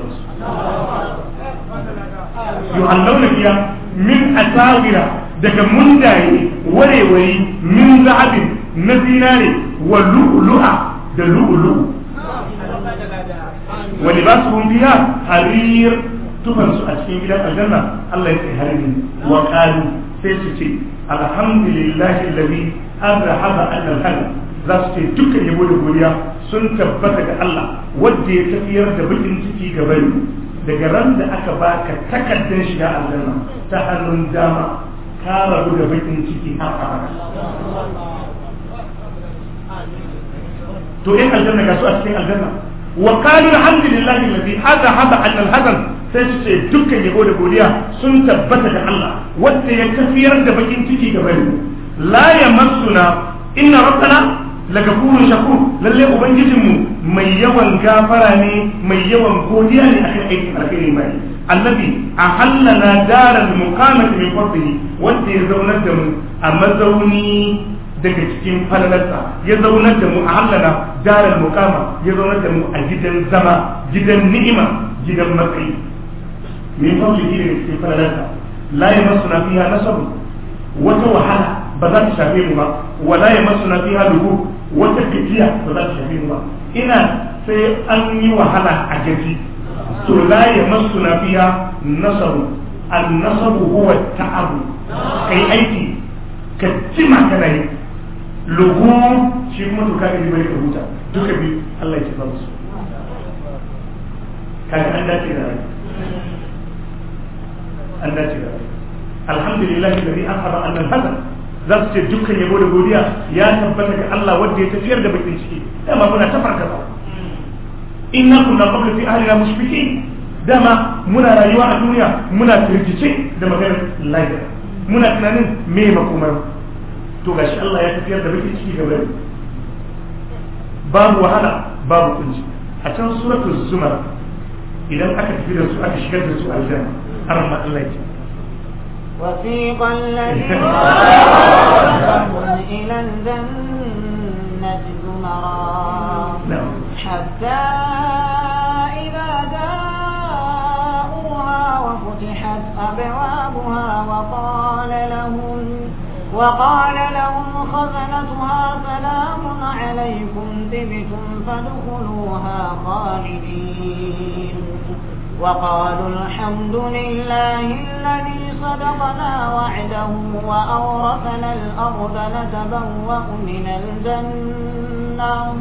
S2: an launa biya min
S3: asawira daga mundaye warewari min zahabin na zinare wa lu'lu'a da lu'lu'u
S2: wa libasuhum fiha
S3: harir tufan su a cikin gidan aljanna Allah ya tsihari wa waƙari sai su ce alhamdulillahi alladhi arhaba ala al za su ce dukkan yabo da godiya sun tabbata da Allah wanda ya tafiyar da bakin ciki ga bari daga ran da aka baka takardar shiga aljanna ta hannun dama ka rabu da bakin ciki har to in aljanna ga su a cikin aljanna wakali qalu alhamdulillahi alladhi hada hada an alhadan sai su ce dukkan yabo da godiya sun tabbata da Allah wanda ya kafiyar da bakin ciki ga bari la yamassuna inna rabbana lagafurun lallai lalle ubangijinmu mai yawan gafara ne mai yawan godiya ne akan aikin alkhairi mai annabi a hallana daral muqamati min fadlihi wanda ya zaunar da mu a mazauni daga cikin falalarsa ya zaunar da mu a hallana darar mukama ya zaunar da mu a gidan zama gidan ni'ima gidan matsayi min fauki ne daga cikin falalarsa la ya masu na fiya nasabu wata wahala ba za ta shafe mu ba wa ya masu na fiya dubu wata gajiya ba za ta shafe mu ba ina sai an yi wahala a gaji to la ya masu na fiya nasabu an nasabu huwa ta'abu kai aiki ka cima kana yi lugu shi kuma to kaga ne bai ka huta duka bi Allah ya ci musu kaga an dace da rai an dace da rai alhamdulillah alladhi akhara an al-hasan za su ce dukkan yabo da godiya ya tabbata ga Allah wanda ya tafiyar da bakin ciki dama muna ta fargaba inna kunna qabla fi ahlina mushfiqin dama muna rayuwa a duniya muna firgice da maganar lahira muna tunanin me makomar to gashi Allah ya tafiyar da muke ciki gaba babu wahala babu kunci a can suratul zumar idan aka tafi da su aka shigar da su aljanna arma Allah ya وسيق
S1: الذين إلى الجنة زمرا حتى إذا جاءوها وفتحت أبوابها وقال لهم وقال لهم خزنتها سلام عليكم تبتم فادخلوها خالدين وقالوا الحمد لله الذي صدقنا وعده وأورثنا الأرض نتبوأ من الجنة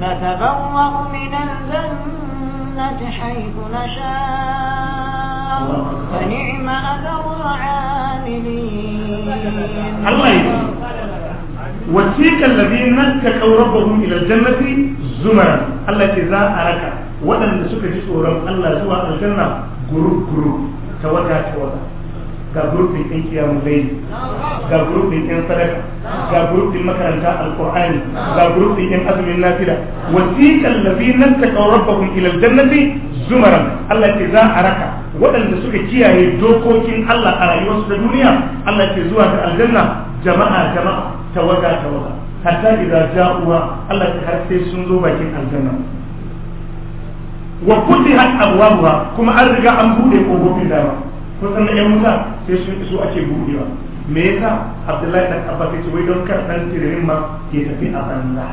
S1: نتبوأ من الجنة حيث نشاء فنعم أجر العاملين Allah ya ce
S3: wasiƙa ladina taqaw rabbahum ila aljannati zumara Allah ce za a raka waɗanda suka ji tsoron Allah zuwa janna group wata ga gurbin ɗin kiyamun laili ga gurbin ɗin sadaka ga gurbin makaranta alƙur'ani ga gurbin ɗin azumin nafila wasiƙan lafi nan ta ƙaurabahun ilal jannati zumaran Allah ke za a raka waɗanda suka kiyaye dokokin Allah a rayuwarsu da duniya Allah ke zuwa ga aljanna jama'a jama'a tawaga tawaga hatta idza ja'uwa Allah ke har sai sun zo bakin aljanna wa futihat abwabuha kuma an riga an bude kofofin dama ko san da yan wuta sai sun iso ake budewa me yasa Abdullahi dan Abbas ce wai don kar dan tirin ma ke tafi a banza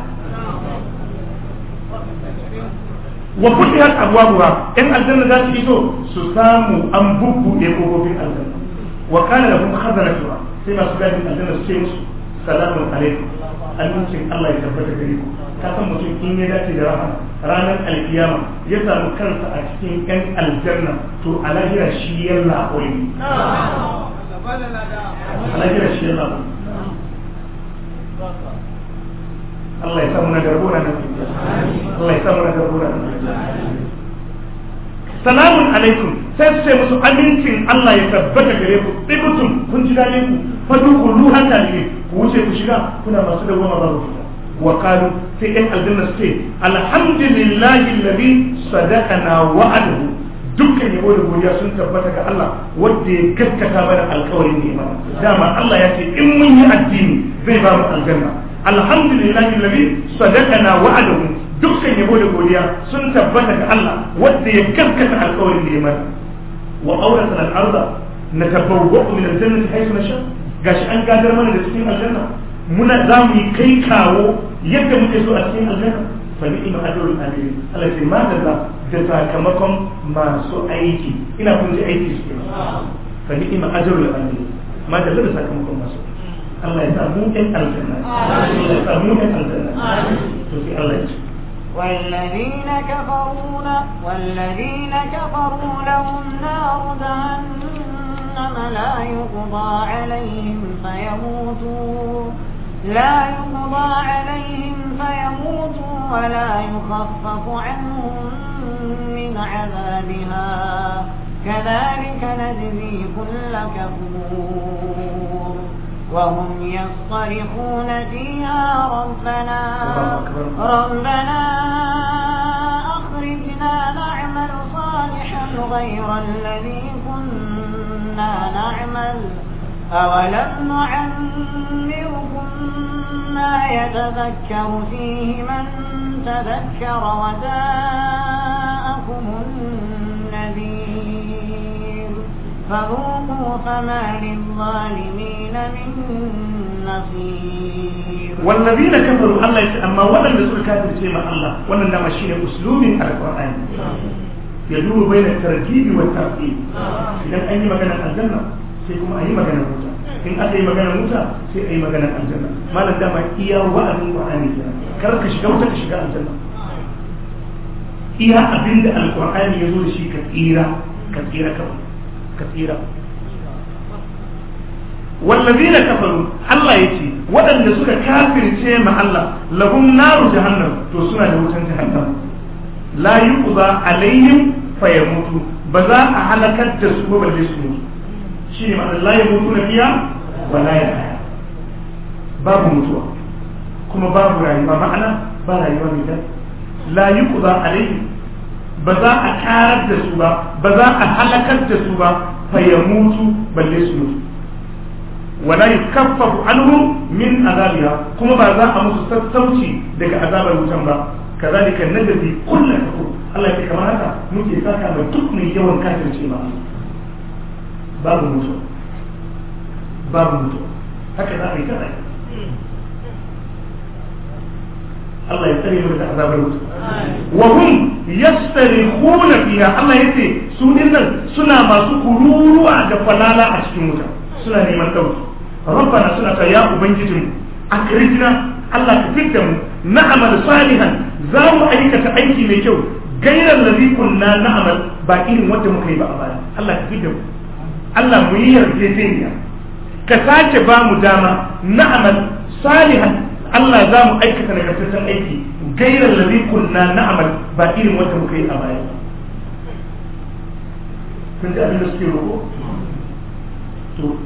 S3: wa futihat abwabuha in aljanna za su fito su samu an bubbuɗe kofofin aljanna wa kana lahum khazanatuha sai masu gadin aljanna su ce musu salamun alaikum amincin Allah ya tabbata gare ku ka san mutum in ya dace da rahama ranar alkiyama ya samu kansa a cikin yan aljanna to a lahira shi yalla koyi a
S2: lahira shi yalla koyi Allah ya samu na garbuna Allah ya samu na garbuna
S3: salamun alaikum sai su ce musu amincin Allah ya tabbata gare ku tsibutum kun ji dade ku fadukulu hata ne ku wuce ku shiga kuna masu dawwama ba ku fita وقالوا في ان الجنه سكي الحمد لله الذي صدقنا وعده dukkan yabo da godiya sun tabbata ga Allah wanda ya gaskata mana alƙawarin ne dama Allah ya ce in mun yi addini zai ba mu aljanna alhamdulillahi alladhi sadaqana wa'adahu dukkan yabo da godiya sun tabbata ga Allah wanda ya karkata alƙawarin da ya mana wa awrasana al-arda natabawwa'u min al-jannati haythu nasha gashi an gadar mana da cikin aljanna muna za mu yi kai kawo yadda muke so a cikin aljanna fa ni'ma ajrul amin Allah ma da da sakamakon masu aiki ina kun ji aiki su fa ni'ma ajrul amin ma da sakamakon masu aiki. الله ya sa mu ɗin aljanna
S2: Allah ya sa mu ɗin aljanna
S1: والذين كفروا والذين كفروا لهم نار جهنم لا يقضى عليهم فيموتوا لا يقضى عليهم فيموتوا ولا يخفف عنهم من عذابها كذلك نجزي كل كفور وهم يصطرخون فيها ربنا ربنا أخرجنا نعمل صالحا غير الذي كنا نعمل أولم نعمركم ما يتذكر فيه من تذكر وجاءكم فذوقوا فما للظالمين من
S2: نصير والذين كفروا الله ma أما
S3: ولن كافر سيما الله ولن نمشي أسلوب القرآن يدور بين الترتيب والترتيب إذا أي مكان الجنة سيكون أي مكان الوجه in aka yi magana wuta sai a yi magana aljanna malam dama iya wa'azin qur'ani kenan kar ka shiga wuta ka shiga aljanna iya abinda alqur'ani ya zo da shi ka tsira ka tsira kawai kasira والذين كفروا الله يتي ودن سكا كافر شيء مع الله لهم نار جهنم توسنا لوتن جهنم لا يقضى عليهم فيموتوا بذا أهلكت تسكوا بالجسم شيء معنى لا يموتون فيها ولا يحيا باب متوى كما باب رأي ما معنى باب رأي لا يقضى عليهم ba za a karar da su ba ba za a halakar da su ba fa mutu balle su mutu wala yukaffafu anhum min azabiya, kuma ba za a musu sassauci daga azabar wutan ba kazalika nadabi kullu kafur Allah ya kamar haka muke saka mai duk mai yawan kafirce ma babu mutu babu mutu haka za a yi ta Allah ya tsare mu da azabar wuta wa hum yastarihuna fiha Allah yace su dinnan suna masu kururuwa da falala a cikin wuta suna neman dauki rabbana suna ta ya ubangijin akrijna Allah ka fitta mu na'amal salihan za mu aikata aiki mai kyau gairar ladhi kunna na'amal ba irin wanda muka yi ba a baya Allah ka fitta mu Allah mu yi yarjejeniya ka sace ba mu dama na'amal salihan Allah za mu aikata nagartaccen aiki gairar da ladhi na na'mal ba irin wata muka yi a baya kun ji abin da suke roƙo to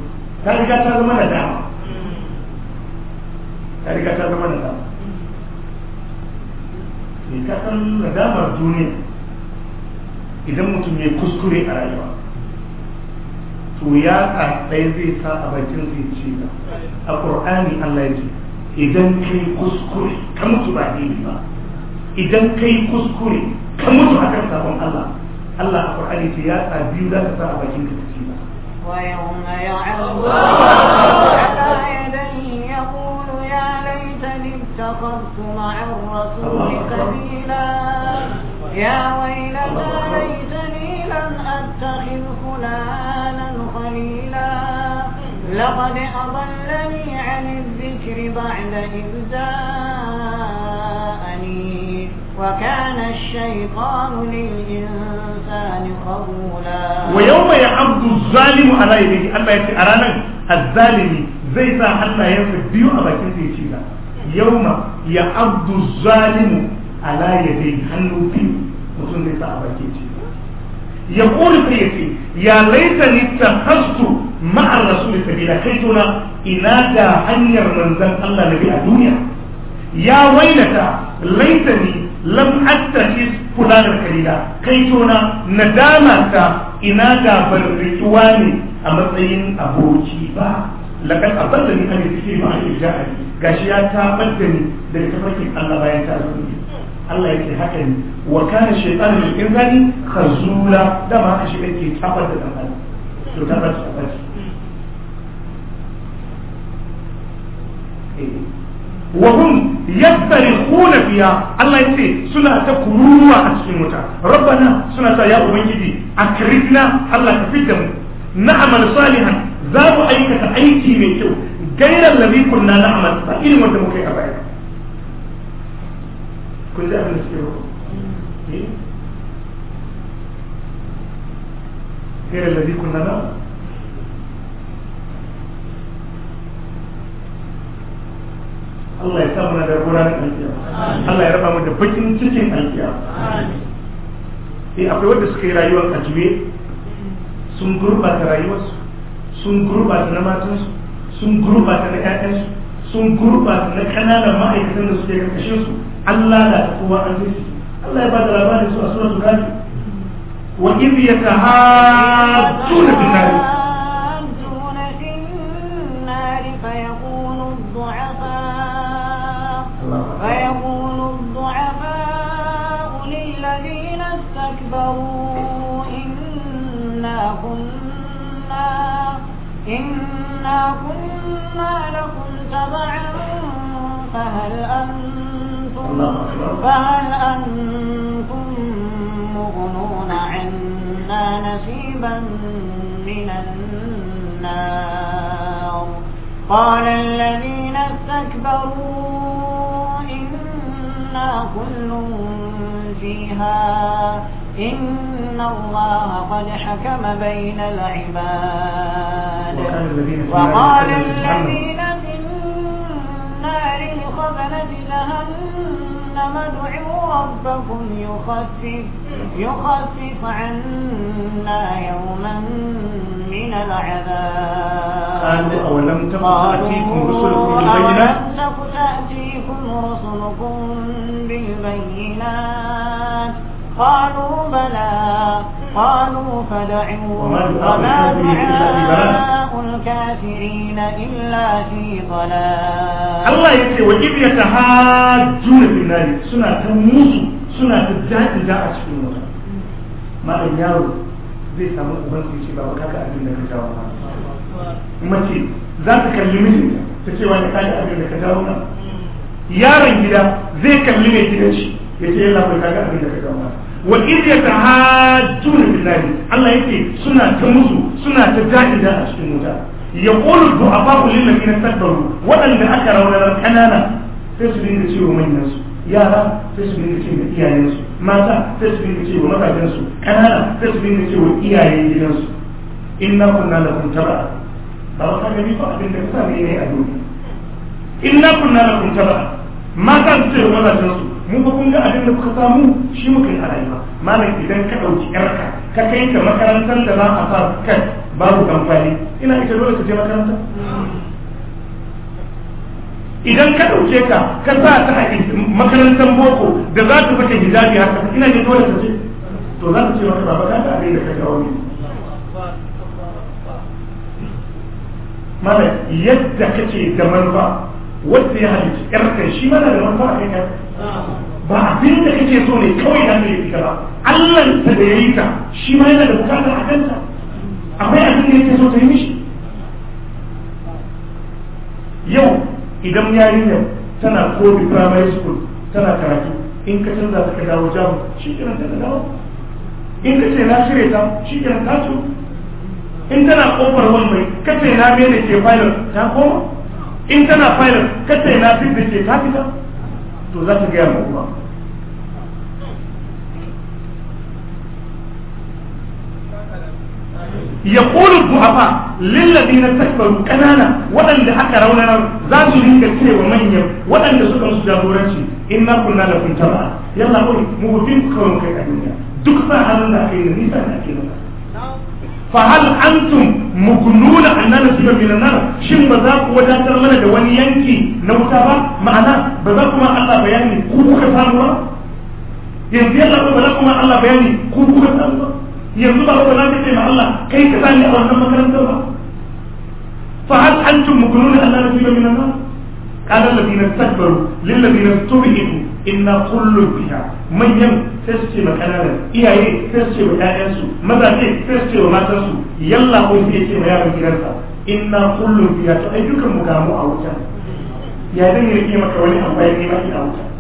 S3: ta riga ta zama na dama ta riga ta zama na dama Me ka san nadamar duniya idan mutum ya kuskure a rayuwa to ya ɗaya zai sa a bakin zai ce a ƙur'ani Allah ya ce idan yi kuskure ka mutu ba dini ba idan yi kuskure ka mutu kan sabon Allah Allah a Qur'ani ce ya sa biyu za ka sa a bakin ka ci
S1: ba يا ويلتى ليتني لم اتخذ فلانا لقد أضلني عن الذكر بعد إذ جاءني وكان الشيطان للإنسان خذولا ويوم يعض
S3: الظالم على يديه الله يأتي أرانا الظالم زي سا حتى ينفق بيو أبا كنت يوم يعض الظالم على يديه هل بيو mutum أبا sa a baki ce ya ya laita ni takhastu ma'ar rasul sabila kai tuna ina da hanyar manzan Allah nabi a duniya ya wailata laita ni lam attakhis fulanar kalila kai tuna nadama ta ina da ban rikuwa ne a matsayin aboki ba lakan aballa ni kan yi ba a irja'ani gashi ya tabar da ni daga tafarkin Allah bayan ta zo Allah yake haka ne wa kana shaytanu lil insani khazula da ma haka shaytan ke tabar da dan adam to ta ba ta eh. wa hum yastarihuna fiha Allah yace suna ta kururuwa a cikin wuta rabbana suna ta ya ubangiji akrifna Allah ka fitar mu na'amal salihan za mu aikata aiki mai kyau gairar labi kunna na'amal ba irin wanda muka yi a baya kun ji abin da suke roƙo غير الذي كنا نعمل Allah ya sa muna da ranar alkiyama Allah ya raba mu da bakin cikin alkiyama eh akwai wanda suka rayuwar ajiye hmm. sun gurbata rayuwarsu sun gurbata na matansu sun gurbata na ƴaƴansu sun gurbata na kananan ma'aikatan da suke karkashin su an lalata kowa an kashe Allah ya bada labarin su a
S2: suratul kafi wa idh yatahajjuna fil
S1: nar فيقول الضعفاء للذين استكبروا إنا كنا إنا كنا لكم تبعا
S2: فهل أنتم فهل
S1: أنتم مغنون عنا نصيبا من النار قال الذين استكبروا إنا كل فيها إن الله قد حكم بين العباد وقال الذين في النار لخزنة جهنم ادعوا ربكم يخفف, يخفف عنا يوما من العذاب أولم تأتيكم رسلكم بالبينات تأتيكم رسلكم بالبينات قالوا بلى قالوا فدعوا وما دعاء الكافرين إلا في Allah ya ce الصلاة الله يقول suna ta musu, suna
S3: ta موسو da a cikin أشكر ما yaro zai samu su ce ba kaka abin da ka jawo ba mace za ta kalli mijinta ta ce wani kaji abin da ka jawo ba yaron gida zai kalli mai gidan shi ya ce yalla bai kaga abin da ka jawo ba wa idh yatahajjuna billahi Allah ya ce suna ta musu suna ta da a cikin wuta يقول الضعفاء للذين استكبروا وأن أكروا لنا كنانا تسبين تسيروا من الناس yara sai su dinga cewa iyayensu mata sai su dinga cewa mazajensu kanana sai su dinga cewa iyayen gidansu inna kunna lakum taba'a ba wata gani ba abin da kusa ne ne a duniya inna kunna lakum taba'a mata su ce mazajensu mu ba kun ga abin kuka samu shi muka yi a malam idan ka ɗauki yarka ka kai ta makarantar da za a sa kai babu kamfani ina ita dole ka je makaranta idan ka ɗauke ka ka sa ta a makarantar boko da za ta fata hijabi haka ina ne dole ka ce to za ta ce maka baba ka ga abin da ka kawo ni mana yadda kake da manufa wanda ya halitta yarka shi mana da manufa a kai ba abin da kake so ne kawai da ka yi ba Allah ta da yayi ka shi ma yana da bukata a kanta akwai abin da yake so ta yi mishi yau idan yau tana kobi primary school tana karatu in ka canza ta ka dawo jamus shi kiran ta dawo in ka ce na shirya ta shi kiran ta su in tana kofar wani mai ka ce na mene ke pilot ta koma in tana pilot ka ce na fit da ke ta fita to za ta gaya ma kuma يقول الضعفاء للذين كفروا كنانا ولن لحق رونا ذات لك كثير ومن ولن لسكم سجابورتي إنا كنا لكم تبعا يلا قول مغفين كون كي أدنيا دكفا هلنا كي نيسا ناكي فهل أنتم مجنون أننا نسيب من النار شم بذاك وجاتر لنا دواني ينكي نوتابا معنا بذاك ما الله بياني كوكو كفانوا ينزي الله بذاك ما الله بياني كوكو كفانوا yanzu ba ku lafi ce ma Allah kai ka sani a wannan makarantar ba fa hal antum mukununa an la nasiba min Allah qala alladhina istakbaru lil ladhina tubihu inna kullu biha manyan sai su ce ma kananan iyaye sai su ce ma ƴaƴansu mazaje sai su ce ma matansu yalla ko sai ce ma yaron gidansa inna kullu biha to ai dukan mu a wuta ya zan yi rike maka wani amfani ne ma a wuta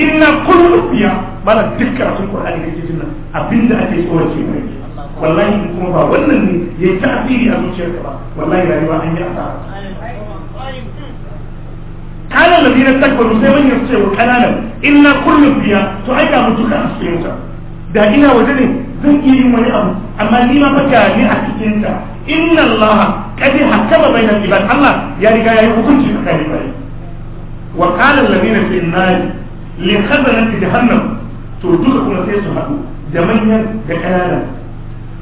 S3: inna kullu biya mana duk karatun qur'ani kake jin nan abinda ake tsoro ce mai wallahi kuma ba wannan ne ya yayi tasiri a zuciyarka ba wallahi rayuwa an yi asara da الذين استكبروا sai wani yace wa kananan inna kullu biya to ai ga mutuka a cikin ta da ina waje ne zan iya yin wani abu amma ni ma fa ni a cikin ta inna allaha qad hakama bainal ibad allah ya riga ya yi hukunci tsakanin bai wa qala alladhina fi an-nar li khazanati jahannam to duka kuma sai su haɗu da manyan da ƙananan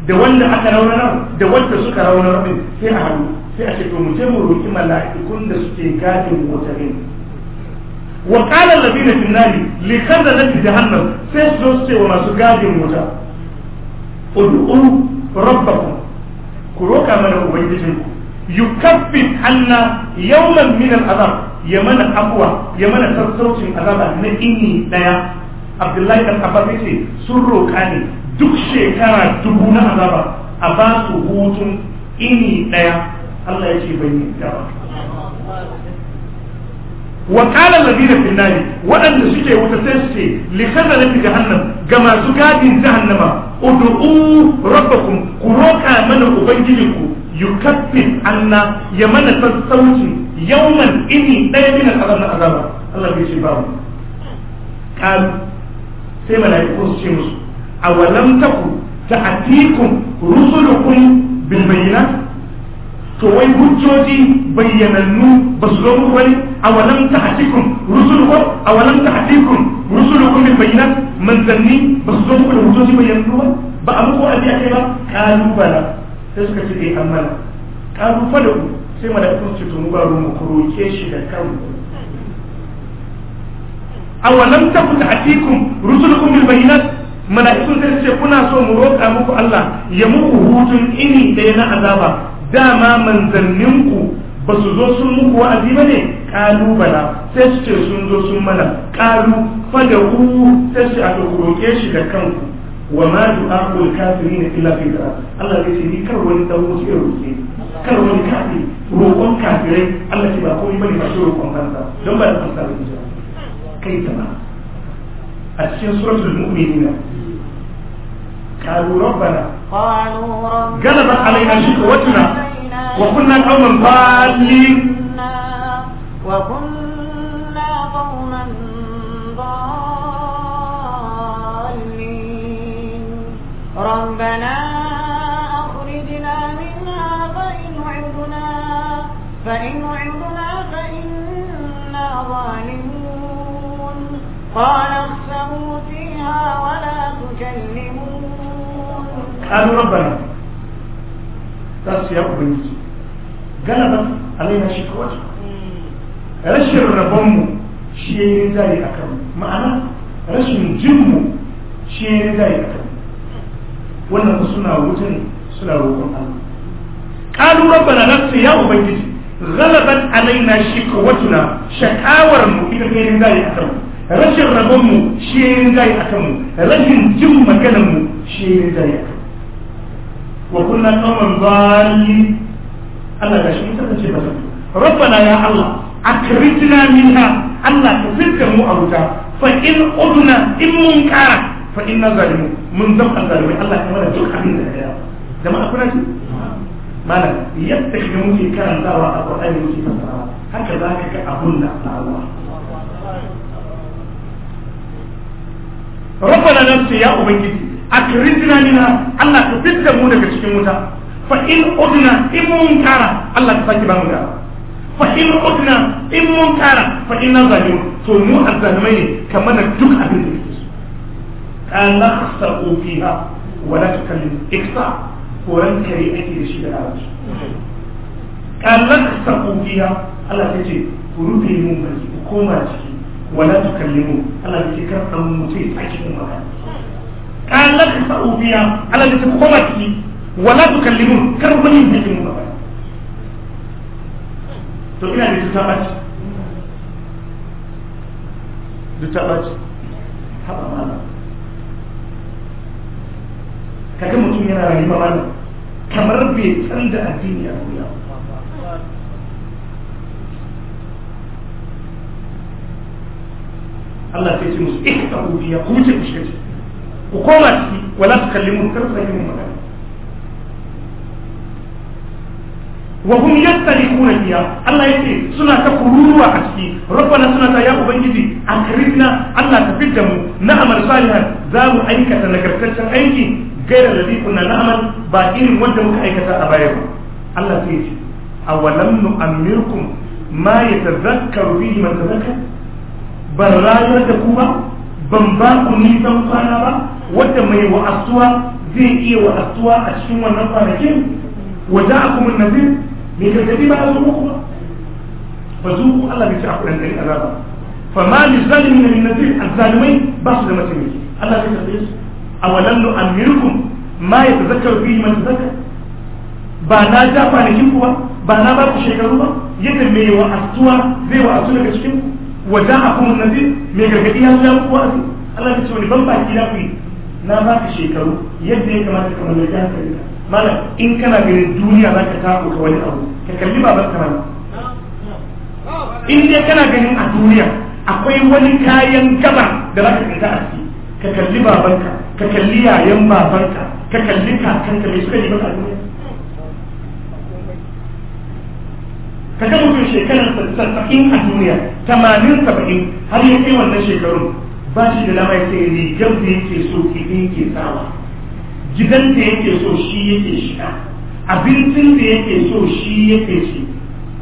S3: da wanda aka raunana da wanda suka raunana din sai a haɗu sai a ce to mu je mu roki mala'ikun da suke gadin mutarin wa qala alladhina fi an-nar li jahannam sai su ce wa masu gadin mota ud'u rabbakum ku roka mana ubangijinku yukaffif anna yawman min al'azab ya mana afwa ya mana sassaucin azaba na inni ɗaya. abdullahi da abbas yace sun roƙa ne duk shekara dubu na azaba a ba su hutun ini ɗaya. Allah ya ce bai yi ba wa qala alladhina fi an waɗanda suke wuta sai su ce li khazanati ga masu gadin jahannama ud'u rabbakum ku roka mana ubangijinku yukaffir anna ya mana sassauci yawman ini ɗaya min al'azab na azaba Allah bai ce ba mu sai musu to wai hujjoji bayyanannu ba su zo muku bane awalam ta'atikum rusulukum awalam ta'atikum rusulukum bil bayyinat manzanni ba su zo muku da hujjoji bayyanannu ba ba a muku wa'azi ake ba kalu bala sai suka ce eh amma kalu fada ku sai mala'ikun su tumu ba rumu ku roke shi da kanku awalam taku ta'atikum rusulukum bil bayyinat mala'ikun sai su ce kuna so mu roƙa muku Allah ya muku hutun ini da yana azaba dama manzanninku ba su zo sun muku wa'azi ba ne kalu bala sai su ce sun zo sun mana kalu ku sai su aka roke shi da kanku wa ma du'a'ul kafirin illa fi dara Allah ya ce ni kar wani dan wasu ya roke kar wani kafi roƙon kafirai Allah ce ba komai bane ba shi roƙon kansa don ba da kansa ba kai ta ba a cikin suratul mu'minin قالوا ربنا
S1: قالوا ربنا غلبت علينا شكوتنا وكنا قوما ضالين وكنا قوما ضالين ربنا أخرجنا منها فإن عدنا فإن عدنا فإنا ظالمون قال اخسئوا فيها ولا تكلمون qalu
S3: rabbana ta su ya ubangiji galabat alaina shi kawai rashin rabonmu shi ya yi rinjaye a kan ma'ana rashin jinmu shi ya yi rinjaye a kan wannan suna wutan suna roƙon Allah qalu rabbana nafsi ya ubangiji غلبت علينا شكوتنا شكاور مو إذا كان جاي أكمل رجل ربمو شيء جاي أكمل رجل جم مكانمو شيء جاي أكمل wa kunna qauman dhalin Allah ga shi ta ce masa rabbana ya Allah akrijna minha Allah ka fitar mu a wuta fa in udna in mun kara fa inna zalimu mun zama zalimai Allah ka mana duk abin da ya jama'a kuna ji malam yadda kike muke karantawa a Qur'ani muke fassara haka za ka ga abun da Allah rabbana nafsi ya ubangiji akrijna minha Allah ka fitta mu daga cikin wuta fa in udna in mun kara Allah ka saki ba mu gara fa in udna in mun kara fa in zalimun to mu azzalimai ne kamar da duk abin da yake kana khsa'u fiha wa la tukallim iksa koran kare ake da shi da rabi kana khsa'u fiha Allah ya ce ku rufe mun baki ku koma ciki wala tukallimu Allah ya ce kar an mutai saki mun magana قال لا تسألوا فيها على جسد خمتي ولا تكلمون كانوا من يمكنون تقول لها لتتبج لتتبج هذا ما لا كم تمينا رأي ما لا كم ربي تلد الدنيا يا الله الله تيتمس احتروا فيها قوتك مش كتير ku koma ciki wala su kalli mu kar sai mu magana wa hum yastariquna fiha Allah yake suna ta kururuwa a ciki rabbana suna ta ya ubangiji akribna Allah ka fidda mu na'amar salihan za mu aikata nagartaccen aiki gairar da kunna na'amar ba irin wanda muka aikata a baya ba Allah sai ya ce awalam nu'ammirkum ma yatazakkaru fihi man tazakkara ban rayar da ku ba ban ba ku nisan kwana ba wanda mai wa'asuwa zai iya wa'astuwa a cikin wannan kwanakin waje a kuma nazir mai gargadi ba a zo muku ba ba zuku Allah bai ci a kuɗin a azaba fa ma li zalimin min nazir azzalimai ba su da mataimaki Allah bai tafi su a awalan lu amirkum ma ya yatazakkaru fihi man tazakkara ba na ja kwanakin ku ba ba na ba ku shekaru ba yadda mai wa'astuwa zai wa'asu daga cikin ku waje a kuma nazir mai gargadi ya zo kuwa a wa'azi Allah bai ci wani ban baki na ku yi na ba ka shekaru yadda ya kamata ka mallaki hankali mana in kana ganin duniya za ka tafi ka wani abu ka kalli baban ka mana in dai kana ganin a duniya akwai wani kayan gaba da za ka kanta a ciki ka kalli babanka ka kalli yayan babanka ka kalli kakanka mai suka yi maka
S2: a duniya ka ga mutum shekarar
S3: sassafin a duniya tamanin saba'in har ya kai wannan shekarun ba shi da lamai sai rigar da yake so ki yake sawa gidan da yake so shi yake shiga abincin da yake so shi yake ci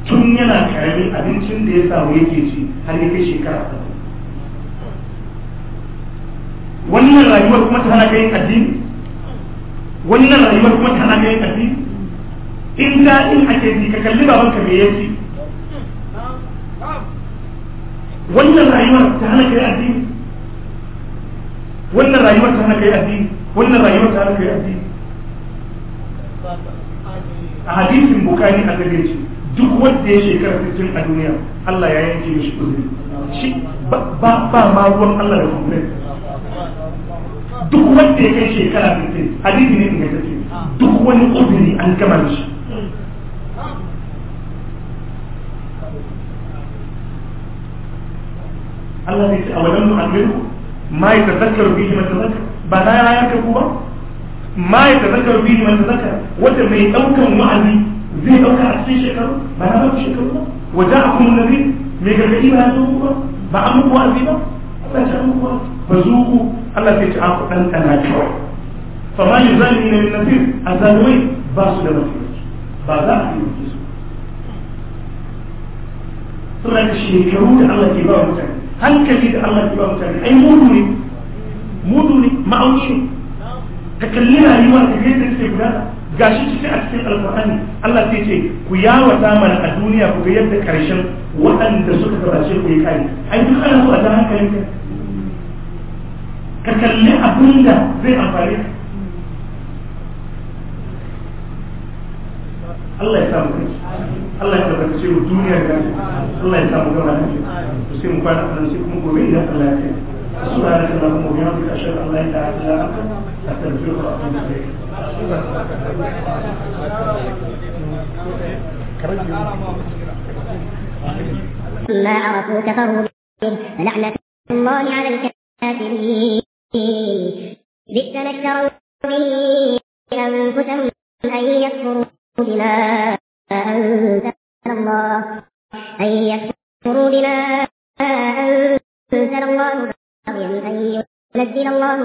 S3: tun yana karami abincin da ya samu yake ci har yake shekara ta wannan rayuwar kuma ta hana yin addini wannan rayuwar kuma ta hana yin addini in da in ake ji ka kalli babanka me yace wannan rayuwar ta hana yin addini wannan rayuwar ta hana kai addini wannan rayuwar ta hana kai addini a hadisin bukari a gare shi duk wanda ya shekara 60 a duniya Allah ya yanke mishi kudi shi ba ba ma ruwan Allah da complain
S2: duk wanda ya kai shekara
S3: 60 hadisi ne ga tace duk wani uzuri an gama shi Allah ya ce a wajen ما يتذكر به من تذكر لا يمكن كوبا ما يتذكر به من تذكر وتمي دوكان وعدي زي دوكا عشي شكر بنا ما شكر وجاءكم النبي ميغرقين هذا كوبا بعمق وعدي با الله جاءكم فذوقوا الله تجعل أنت ناجح فما يزال من نفير أزالوين باسو لنفير بازا أحيو جسو ترى الشيء كروت على كبار متعلم hankali da Allah ya ba mutane ai mudu ne mudu ne ma'auni ne ka kalli rayuwa da yadda take gudana gashi cikin a cikin alkur'ani Allah sai ce ku yawata mana a duniya ku ga yadda karshen waɗanda suka gabace ku ya kai ai duk ana so a ta hankalin ka ka kalli abin da zai amfani ka Allah ya samu kai Allah ya tabbace mu duniya da Allah ya samu gama lafiya to sai mu kwana nan sai kuma gobe idan Allah ya kai سبحانك اللهم وبحمدك اشهد ان لا اله الا انت استغفرك واتوب اليك ما عرفوا كفروا
S4: لعنة الله على الكافرين بئس ما اشتروا به أنفسهم أن يكفروا بما أنزل الله أن يكفروا بما أنزل الله بغيا أن ينزل الله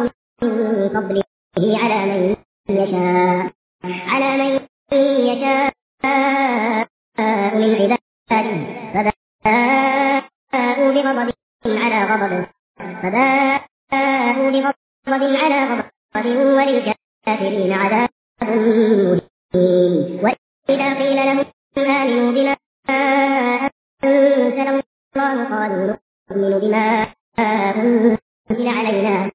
S4: من فضله على من يشاء على من يشاء من عباده فباءوا بغضب على غضب فباءوا بغضب على غضب وللكافرين عذاب مهين إذا قيل لهم آمنوا بما أنزل الله قالوا نؤمن بما أنزل علينا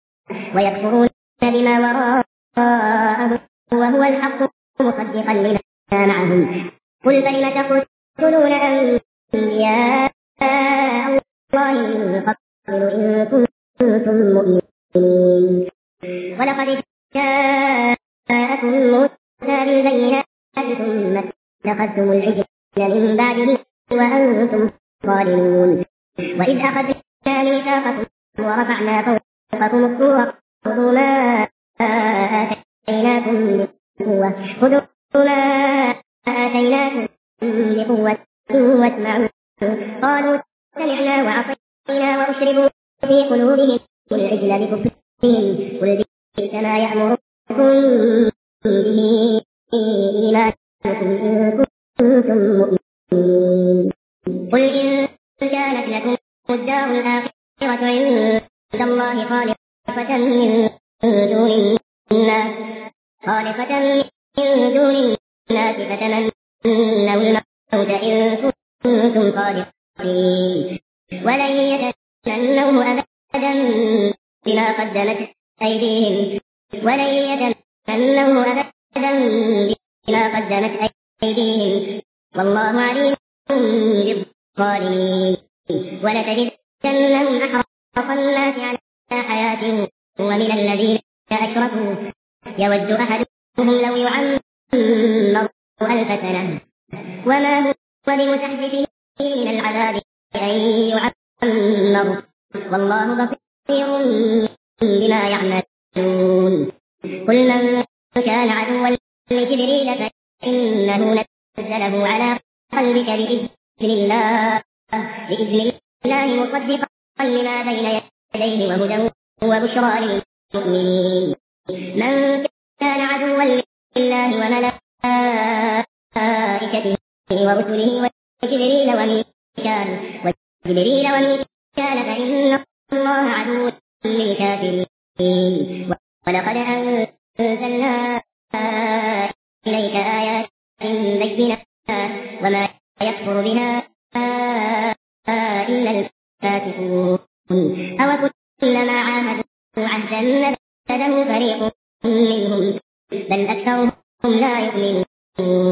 S4: ويكفرون بما وراءه وهو الحق مصدقا لما معهم قل فلم تقتلون أنبياء الله من قبل إن كنتم مؤمنين ولقد جاءكم موسى ثم اتخذتم العجل من بعده وأنتم ظالمون وإذ أخذنا ميثاقكم ورفعنا فوقكم الطور خذوا ما آتيناكم بقوة خذوا ما آتيناكم بقوة واسمعوا قالوا سمعنا وعصينا وأشربوا في قلوبهم العجل بكفرهم قل بئس ما يأمركم به إيمانكم إن كنتم مؤمنين قل إن كانت لكم الدار الآخرة عند الله خالصة من دون الناس خالصة من دون الناس فتمنوا الموت إن كنتم صادقين ولن يتمنوه أبدا بما قدمت أيديهم ولن يتمنوه أبدا بما قدمت أيديهم والله عليم بالظالمين ولتجدنهم أحرص الناس على حياة ومن الذين أشركوا يود أحدهم لو يعمر ألف سنة وما هو بمزحزحه من العذاب أن يعمر والله بصير بما يعملون قل من كان عدوا لجبريل فإنه نزله على قلبك بإذن الله بإذن الله مصدقا لما بين يديه وهدى وبشرى للمؤمنين من كان عدوا لله وملائكته ورسله وجبريل
S2: وميكال
S4: وجبريل وميكال فإن الله عدو للكافرين ولقد أنزل أنزلنا إليك آيات بينا وما يكفر بها إلا الفاسقون أو كلما عاهدوا عهدا نبذه فريق منهم بل أكثرهم لا يؤمنون